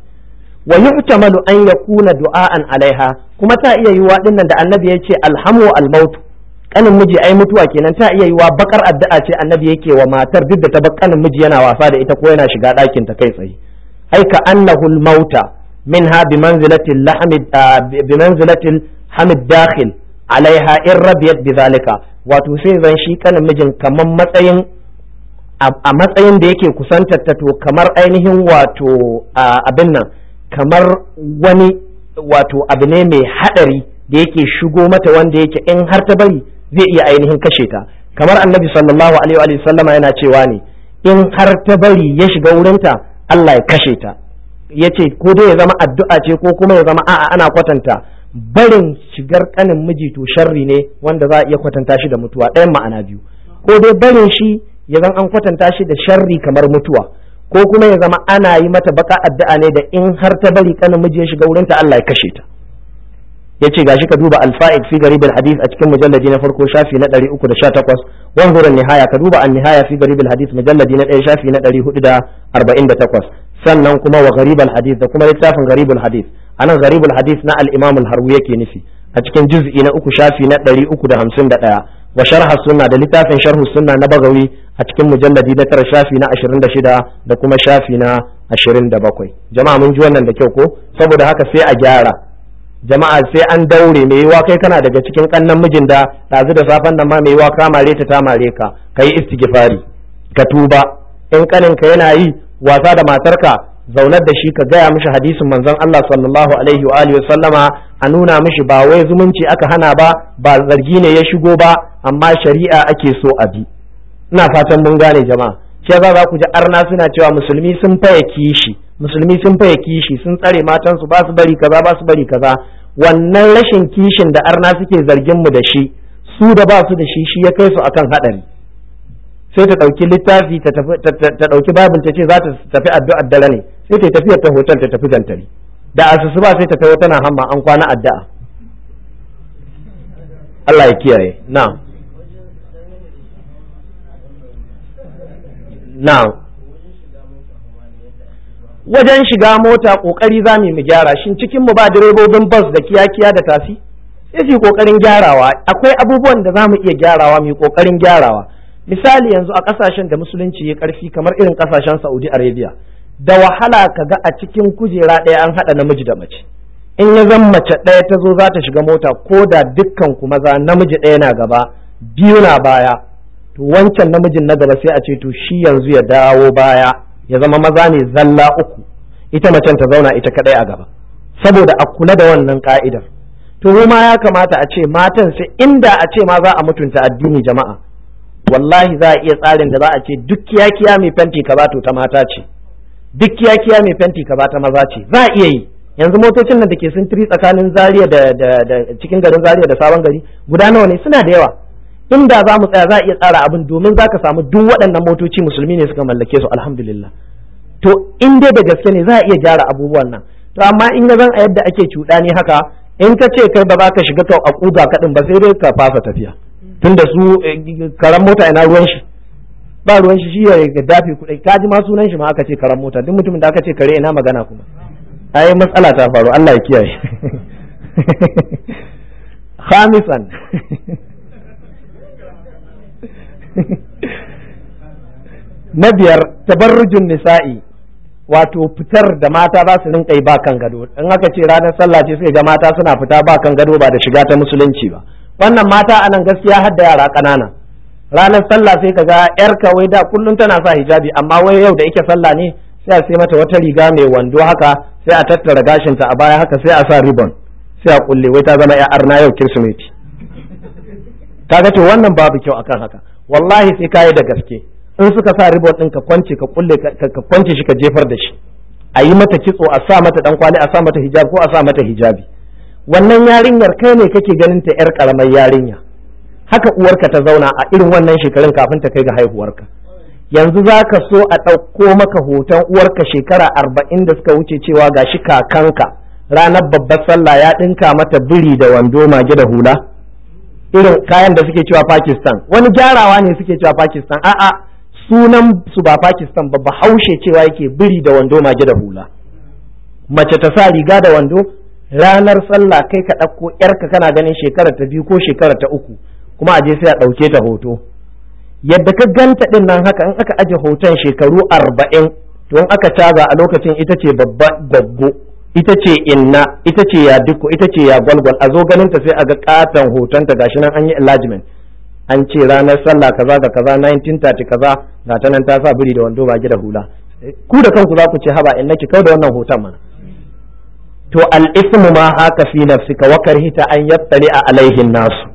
wa yuhtamalu an yakuna du'a'an alaiha kuma ta iya yiwa dinnan da annabi ce alhamu almautu kanin miji ai mutuwa kenan ta iya yiwa bakar addu'a ce annabi yake wa matar duk da ta kanin miji yana wasa da ita ko yana shiga ɗakin ta kai tsaye ai ka annahu almauta منها بمنزلة اللحم بمنزلة الحم الداخل عليها إن ربيت بذلك وتوسي زن كان مجن كمان متين a matsayin da yake kusantar ta to kamar ainihin wato abin nan kamar wani wato abu ne mai hadari da yake shigo mata wanda yake in har ta bari zai iya ainihin kashe ta kamar annabi sallallahu alaihi wa sallama yana cewa ne in har ta bari ya shiga wurinta Allah ya kashe ta Ya ce ko dai ya zama addu'a ce ko kuma ya zama a'a ana kwatanta barin shigar kanin miji to sharri ne wanda za a iya kwatanta shi da mutuwa ɗayan ma'ana biyu ko dai barin shi ya zama an kwatanta shi da sharri kamar mutuwa ko kuma ya zama ana yi mata baka addu'a ne da in har ta bari kanin miji ya shiga wurinta Allah ya kashe ta Ya ce gashi ka duba alfaid faid fi garib hadith a cikin mujalladi na farko shafi na 318 wanzuran nihaya ka duba an-nihaya fi garib hadith mujalladi na 1 shafi na 448 sannan kuma wa garibal hadith da kuma littafin garibul hadith anan garibul hadith na al-imam al-harwi yake nufi a cikin juz'i na uku shafi na 351 wa sharha sunna da littafin sharhu sunna na bagawi a cikin mujalladi na tara shafi na 26 da kuma shafi na 27 jama'a mun ji wannan da kyau ko saboda haka sai a gyara jama'a sai an daure mai yiwa kai kana daga cikin kannan mijin da ɗazu da safen nan ma mai yiwa ka mare ta ta mare ka kai istighfari ka tuba in kaninka yana yi wasa da matarka zaunar da shi ka gaya mishi hadisin manzon Allah sallallahu alaihi wa alihi sallama a nuna mishi ba wai zumunci aka hana ba ba zargi ne ya shigo ba amma shari'a ake so a bi ina fatan mun gane jama'a shi za ku ji arna suna cewa musulmi sun faye kishi musulmi sun faye kishi sun tsare matansu ba su bari kaza ba su bari kaza wannan rashin kishin da arna suke zargin mu da shi su da ba su da shi shi ya kai su akan haɗari sai ta ɗauki littafi ta ɗauki babin ta ce za ta tafi addu'ar dare ne sai ta tafiya ta hotel ta tafi jantari da asusu ba sai ta tawo tana hamma an kwana addu'a Allah ya kiyaye na'am na'am wajen shiga mota kokari za mu gyara shin cikin mu ba direbobin bus da kiyakiya da tasi? sai su kokarin gyarawa akwai abubuwan da za mu iya gyarawa mu kokarin gyarawa misali yanzu a kasashen da musulunci ya karfi kamar irin kasashen Saudi Arabia da wahala ka ga a cikin kujera ɗaya an haɗa namiji da mace in ya zan mace ɗaya ta zo za ta shiga mota ko da dukkan ku maza namiji ɗaya na gaba biyu na baya to wancan namijin na gaba sai a ce to shi yanzu ya dawo baya ya zama maza ne zalla uku ita macen ta zauna ita kaɗai a gaba saboda a kula da wannan ka'idar to ma ya kamata a ce matan sai inda a ce ma za a mutunta addini jama'a wallahi za a iya tsarin da za a ce duk kiyakiya mai fenti ka ba to ta mata ce duk kiyakiya mai fenti ka ba ta maza ce za a iya yi yanzu motocin nan da ke sintiri tsakanin zaria da cikin garin zariya da sabon gari guda nawa ne suna da yawa inda za mu tsaya za a iya tsara abin domin za ka samu duk waɗannan motoci musulmi ne suka mallake su alhamdulillah to in dai da gaske ne za a iya gyara abubuwan nan to amma in ga zan a yadda ake cuɗa ne haka in ka ce kai ba za ka shiga ka a kuga kaɗin ba sai dai ka fasa tafiya tunda su eh, karan mota ina ruwan shi ba ruwan shi shi ya dafe kudai ka ji ma sunan shi ma aka ce karan mota duk mutumin da aka ce kare ina magana kuma ai matsala ta faru Allah ya kiyaye khamisan na biyar tabarrujun nisa'i wato fitar da mata za su rinka yi ba kan gado in aka ce ranar sallah ce sai ga mata suna fita ba kan gado ba da shiga ta musulunci ba wannan mata anan gaskiya har da yara ƙanana ranar sallah sai ka kaga yar wai da kullum tana sa hijabi amma wai yau da yake sallah ne sai a sai mata wata riga mai wando haka sai a tattara gashinta a baya haka sai a sa ribon sai a kulle wai ta zama ya arna yau kirsimeti kaga to wannan babu kyau akan haka wallahi sai kayi da gaske in suka sa ribon din ka kwance ka kulle ka kwance shi ka jefar da shi a yi mata kitso a sa mata dan kwali a sa mata hijab ko a sa mata hijabi wannan yarinyar kai ne kake ganin ta yar karamar yarinya haka uwarka ta zauna a irin wannan shekarun kafin ta kai ga haihuwarka yanzu za ka so a ɗauko maka hoton uwarka shekara arba'in da suka wuce cewa ga shi kakanka ranar babbar sallah ya ɗinka mata biri da wando mage da hula irin kayan da suke cewa pakistan wani gyarawa ne suke cewa pakistan a'a sunan su ba pakistan ba bahaushe cewa yake biri da wando mage da hula mace ta sa riga da wando ranar sallah kai ka ɗauko ƴarka kana ganin shekara ta biyu ko shekara ta uku kuma a je sai a ɗauke ta hoto yadda ka ganta ɗin nan haka in aka aje hoton shekaru arba'in to in aka caza a lokacin ita ce babba gaggo ita ce inna ita ce ya dukko ita ce ya gwalgwal a zo ganin ta sai a ga katon hotonta gashi nan an yi enlargement an ce ranar sallah kaza ga kaza 1930 kaza ga ta nan ta sa biri da wando ba da hula ku da kanku za ku ce haba in nake kau da wannan hoton mana to al'ismu ma haka fi nafsika wa karhita an yattali a alaihin nasu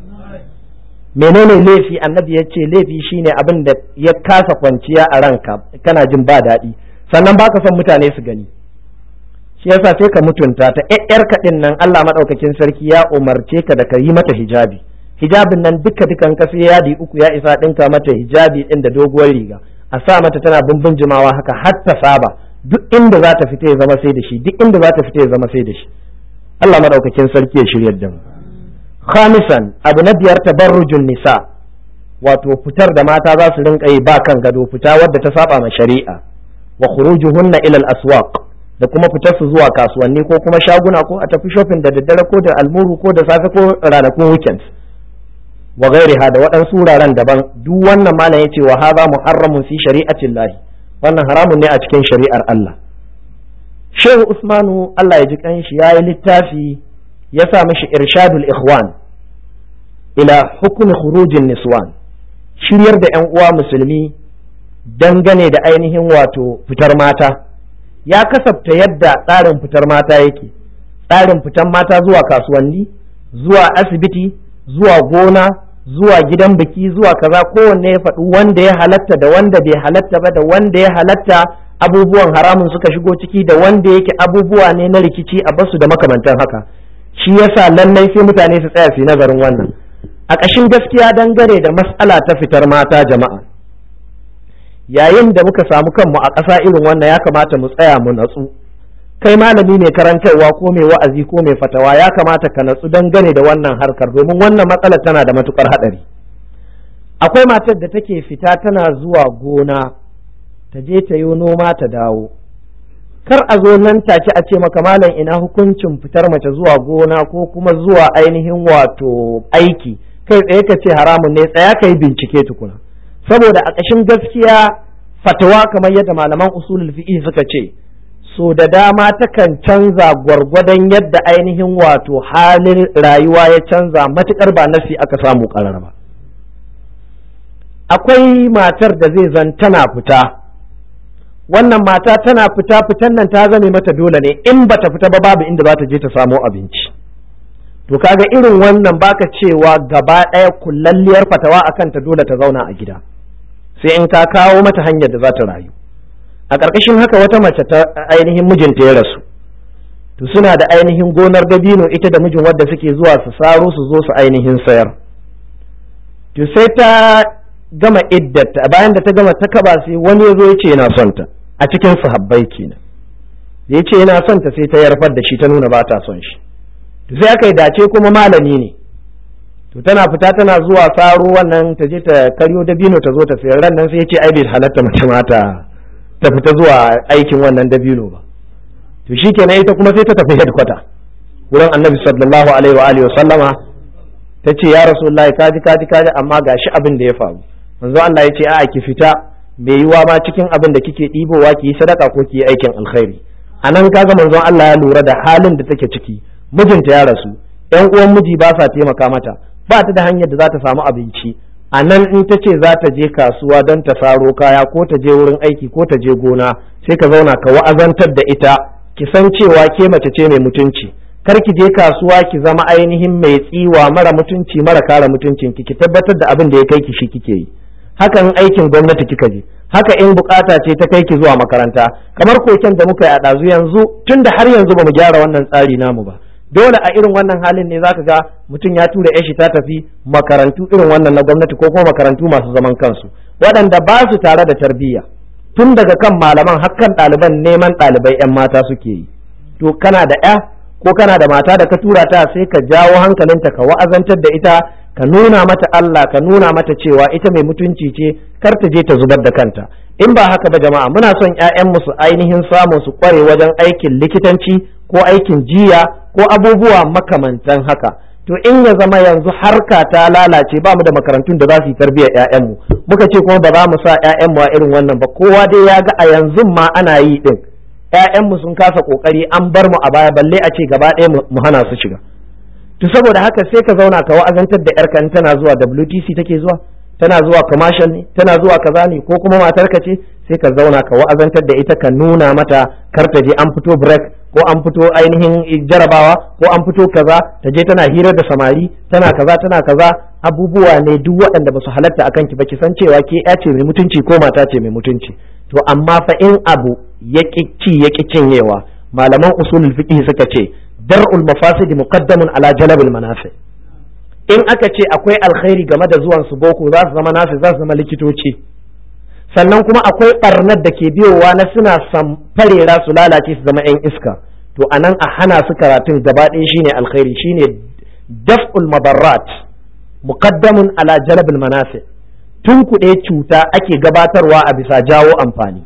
menene laifi annabi ya ce laifi shine abin da ya kasa kwanciya a ranka kana jin ba daɗi sannan baka son mutane su gani shi yasa sai ka mutunta ta ƴaƴar eh, kaɗin nan Allah maɗaukakin sarki ya umarce ka da ka yi mata hijabi hijabin nan duka dukan ka sai yadi uku ya isa ɗinka mata hijabi ɗin da doguwar riga a sa mata tana bumbun jimawa haka har ta saba duk inda za ta fita ya zama sai da shi duk inda za ta fita ya zama sai da shi Allah madaukakin sarki ya shiryar da mu khamisan abu na biyar tabarrujun nisa wato fitar da mata za su rinka yi ba kan gado fita wadda ta saba ma shari'a wa khurujuhunna ila al-aswaq da kuma fitar su zuwa kasuwanni ko kuma shaguna ko a tafi shopping da daddare ko da almuru ko da safe ko ranakun weekend wa gairiha da waɗansu wuraren daban duk wannan malam yace wa hadha muharramun fi shari'atin wannan haramun ne a cikin shari'ar Allah shehu usmanu Allah ya ji kanshi ya yi littafi ya sa mishi irshadul ikhwan ila hukun khurujin niswan shiryar da yan uwa musulmi dangane da ainihin wato fitar mata ya kasafta yadda tsarin fitar mata yake tsarin fitar mata zuwa kasuwanni zuwa asibiti zuwa gona zuwa gidan biki zuwa kaza kowanne ya faɗi wanda ya halatta da wanda bai halatta ba da wanda ya halatta abubuwan haramun suka shigo ciki da wanda yake abubuwa ne na rikici a basu da makamantan haka shi yasa lallai sai mutane su tsaya su nazarin wannan a ƙashin gaskiya dangare da mas'ala ta fitar mata jama'a yayin da muka samu kanmu a ƙasa irin wannan ya kamata mu tsaya mu natsu kai malami mai karantarwa ko mai wa'azi ko mai fatawa ya kamata ka natsu dangane da wannan harkar domin wannan matsala tana da matukar haɗari akwai matar da take fita tana zuwa gona ta je ta yi noma ta dawo kar a zo nan take a ce maka malam ina hukuncin fitar mace zuwa gona ko kuma zuwa ainihin wato aiki kai tsaye ka ce haramun ne tsaya ka yi bincike tukuna saboda a ƙashin gaskiya fatawa kamar yadda malaman usulul fi'i suka ce so da dama takan canza gwargwadon yadda ainihin wato halin rayuwa ya canza matuƙar ba nasi aka samu ƙarar ba akwai matar da zai zan tana fita wannan mata tana fita fitan nan ta zame mata dole ne in bata fita ba babu inda za ta je ta samo abinci to kaga irin wannan baka cewa gaba ɗaya kullalliyar fatawa akan ta dole ta zauna a gida sai in ka kawo mata hanyar da za ta rayu a ƙarƙashin haka wata mace ta ainihin mijinta ya rasu to suna da ainihin gonar dabino ita da mijin wadda suke zuwa su saro su zo su ainihin sayar to sai ta gama iddata bayan da ta gama ta kaba sai wani ya zo ya ce yana son ta a cikin sahabbai kenan ya ce yana son ta sai ta yarfar da shi ta nuna ba ta son shi to sai aka yi dace kuma malami ne to tana fita tana zuwa saro wannan ta je ta karyo dabino ta zo ta sayar ran nan sai ya ce ai bai halatta mace mata ta fita zuwa aikin wannan dabino ba to shi kenan ita kuma sai ta tafi headquarter wurin annabi sallallahu alaihi wa alihi sallama ta ce ya rasulullahi kaji kaji kaji amma gashi abin da ya faru manzo Allah ya ce a'a ki fita me yiwa ma cikin abin da kike ɗibowa ki yi sadaka ko ki yi aikin alkhairi anan kaga manzon Allah ya lura da halin da take ciki mijinta ya rasu ɗan uwan miji ba sa taimaka mata ba ta da hanyar da za ta samu abinci a nan in ta ce za ta je kasuwa don ta saro kaya ko ta je wurin aiki ko ta je gona sai ka zauna ka wa'azantar da ita ki san cewa ke mace ce mai mutunci kar ki je kasuwa ki zama ainihin mai tsiwa mara mutunci mara kara mutuncin ki ki tabbatar da abin da ya kai ki shi kike yi hakan aikin gwamnati kika je haka in bukata ce ta kai ki zuwa makaranta kamar koken da muka yi a ɗazu yanzu tunda har yanzu ba mu gyara wannan tsari namu ba dole a irin wannan halin ne zaka ga mutum ya tura ya shi ta tafi makarantu irin wannan na gwamnati ko kuma makarantu masu zaman kansu waɗanda ba su tare da tarbiyya tun daga kan malaman hakkan ɗaliban neman ɗalibai 'yan mata suke yi to kana da 'ya ko kana da mata da ka tura ta sai ka jawo hankalinta ka wa'azantar da ita ka nuna mata Allah ka nuna mata cewa ita mai mutunci ce kar ta je ta zubar da kanta in ba haka ba jama'a muna son ƴaƴanmu su ainihin samun su kware wajen aikin likitanci ko aikin jiya ko abubuwa makamantan haka to in ya zama yanzu harka ta lalace ba mu da makarantun da za su yi tarbiyyar ƴaƴanmu muka ce kuma ba za mu sa ƴaƴanmu a irin wannan ba kowa dai ya ga a yanzu ma ana yi din ƴaƴanmu sun kasa kokari an bar mu a baya balle a ce gaba ɗaya mu hana su shiga to saboda haka sai ka zauna ka wa'azantar da ƴarka tana zuwa WTC take zuwa tana zuwa commercial ne tana zuwa kaza ne ko kuma matarka ce sai ka zauna ka wa'azantar da ita ka nuna mata kar ta je an fito break ko an fito ainihin jarabawa ko an fito kaza ta je tana hirar da samari tana kaza tana kaza abubuwa ne duk waɗanda ba su halatta akan ki ba ki san cewa ke ya ce mai mutunci ko mata ce mai mutunci to amma fa in abu ya ƙi ya cinyewa malaman usulul fiqh suka ce dar'ul mafasid muqaddamun ala jalabul manafi' in aka ce akwai alkhairi game da zuwan su boko za su zama nasu za su zama likitoci sannan kuma akwai barnar da ke biyowa na suna samfarera su lalace su zama 'yan iska to a nan a hana su karatun gaba ɗaya shine alkhairi shine daf'ul mabarrat muqaddamun ala jalabul manasi tun kuɗe cuta ake gabatarwa a bisa jawo amfani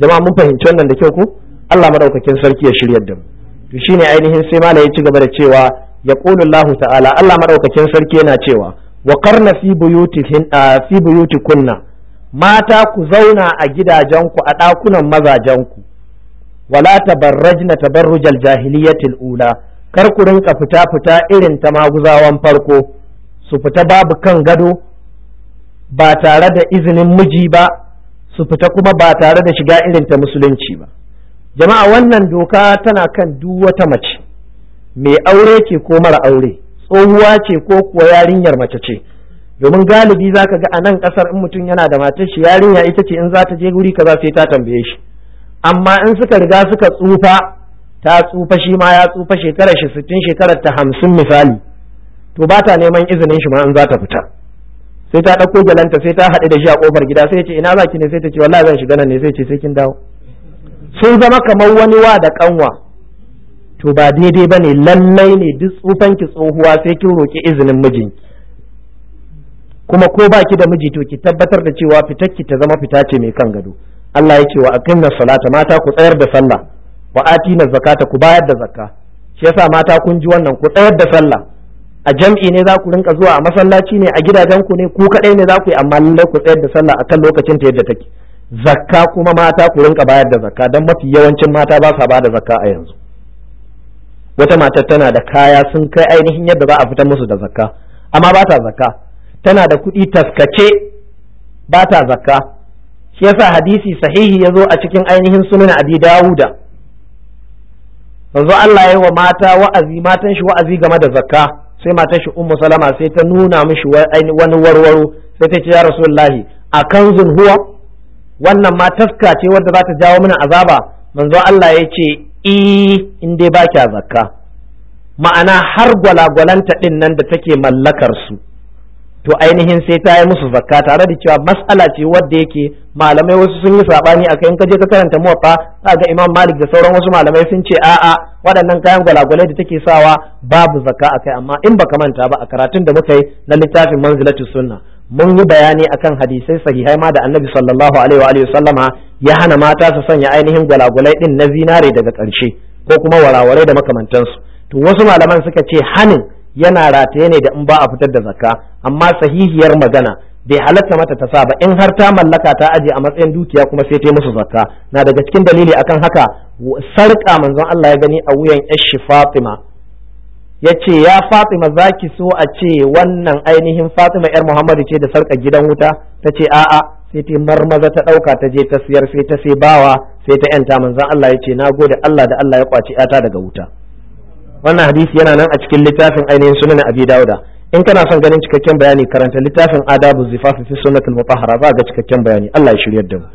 jama'a mun fahimci wannan da kyau ku? Allah madaukakin sarki ya shiryar da mu to shine ainihin sai malai ya ci gaba da cewa yaqulu Allah ta'ala Allah maɗaukakin sarki yana cewa wa qarna fi buyutihin kunna, mata ku zauna a gidajenku a ɗakunan mazajenku wala tabarrajna tabarrujal jahiliyyatil ula kar ku rinka fita fita irin ta maguzawan farko su fita babu kan gado ba tare da izinin miji ba su fita kuma ba tare da shiga irin ta musulunci ba jama'a wannan doka tana kan duk wata mace mai aure ce ko mara aure tsohuwa ce ko kuwa yarinyar mace ce domin galibi za ka ga a nan kasar in mutum yana da matar shi yarinya ita ce in za ta je guri kaza sai ta tambaye shi amma in suka riga suka tsufa ta tsufa shi ma ya tsufa shekarar shi sittin shekarar ta hamsin misali to ba ta neman izinin shi ma in za ta fita sai ta ɗauko galanta sai ta haɗe da shi a ƙofar gida sai ce ina za ki ne sai ta ce wallahi zan shiga nan ne sai ce sai kin dawo sun zama kamar wani wa da kanwa to ba daidai ba ne lallai ne duk tsufanki tsohuwa sai kin roƙi izinin mijinki kuma ko ba ki da miji to ki tabbatar da cewa fitakki ta zama fita ce mai kan gado Allah ya ce wa aqimna salata mata ku tsayar da sallah wa atina zakata ku bayar da zakka shi yasa mata kun ji wannan ku tsayar da sallah a jam'i ne za ku rinka zuwa a masallaci ne a gidajen ku ne ku kadai ne za ku yi amma lallai ku tsayar da sallah akan lokacin ta yadda take zakka kuma mata ku rinka bayar da zakka dan mafi yawancin mata ba sa ba da zakka a yanzu wata matar tana da kaya sun kai ainihin yadda za a fitar musu da zakka amma ba ta zakka tana da kuɗi taskace ba ta zakka shi yasa hadisi sahihi ya zo a cikin ainihin sunan abi dawuda manzo Allah ya yi wa mata wa'azi matan shi wa'azi game da zakka sai matan shi ummu salama sai ta nuna mishi wani warwaro sai ta ce ya rasulullahi a kanzun huwa wannan ma taska ce wadda za ta jawo mana azaba manzo Allah ya ce E, in dai ba kya zakka ma'ana har gwalagwalanta ɗin nan da take mallakar su to ainihin sai ta yi musu zakka tare da cewa matsala ce wadda yake malamai wasu sun yi sabani a kai ka je ka karanta muwaffa za ga imam malik da sauran wasu malamai sun ce a'a waɗannan kayan gwalagwalai da take sawa babu zakka a kai, amma in baka manta ba a karatun da muka yi na littafin manzilatu sunna mun yi bayani akan hadisai sahihai ma da annabi sallallahu alaihi wa sallama ya hana mata su sanya ainihin gwalagwalai din na zinare daga ƙarshe ko kuma warawarai da makamantansu to wasu malaman suka ce hanin yana rataye ne da in ba a fitar da zakka amma sahihiyar magana bai halatta mata ta sa ba in har ta mallaka ta aje a matsayin dukiya kuma sai ta musu zakka na daga cikin dalili akan haka sarƙa manzon Allah ya gani a wuyan Ash Fatima ya ce ya fatima za ki so a ce wannan ainihin fatima yar muhammadu ce da sarka gidan wuta ta ce a'a sai ta marmaza ta ɗauka ta je ta siyar sai ta sai bawa sai ta yanta manzan Allah ya ce na gode Allah da Allah ya kwaci yata daga wuta wannan hadisi yana nan a cikin littafin ainihin sunan abi dauda in kana son ganin cikakken bayani karanta littafin adabu zifaf fi sunnatul mutahhara za ga cikakken bayani Allah ya shiryar da mu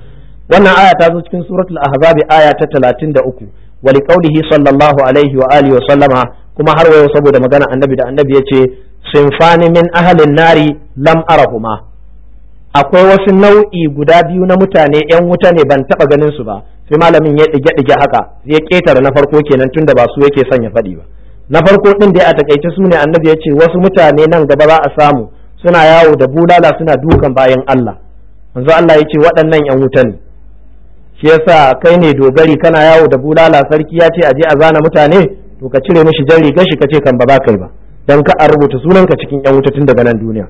wannan aya ta zo cikin suratul ahzab aya ta talatin da uku. wali liqaulihi sallallahu alaihi wa alihi wa sallama kuma har wayo saboda magana annabi da annabi yace sinfani min ahlin nari lam arahuma akwai wasu nau'i guda biyu na mutane yan wuta ne ban taba ganin su ba sai malamin ya dige dige haka ya ketare na farko kenan tunda ba su yake son ya faɗi ba na farko din da a takaice su ne annabi ya ce wasu mutane nan gaba za a samu suna yawo da bulala suna dukan bayan Allah manzo Allah ya ce waɗannan yan wuta ne shi yasa kai ne dogari kana yawo da bulala sarki ya ce aje a zana mutane to ka cire mishi jan rigar shi ka ce kan ba za kai ba dan ka a rubuta sunanka cikin yan wuta tun daga nan duniya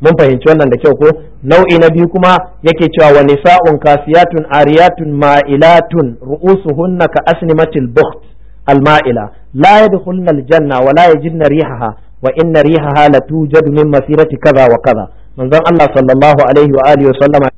mun fahimci wannan da kyau ko nau'i na biyu kuma yake cewa wa nisa'un kasiyatun ariyatun ma'ilatun ru'usuhunna ka asnimatil bukht al-ma'ila la yadkhulna al-janna wa la yajidna rihaha wa inna rihaha la tujadu min masirati kaza wa kaza manzon Allah sallallahu alaihi sallama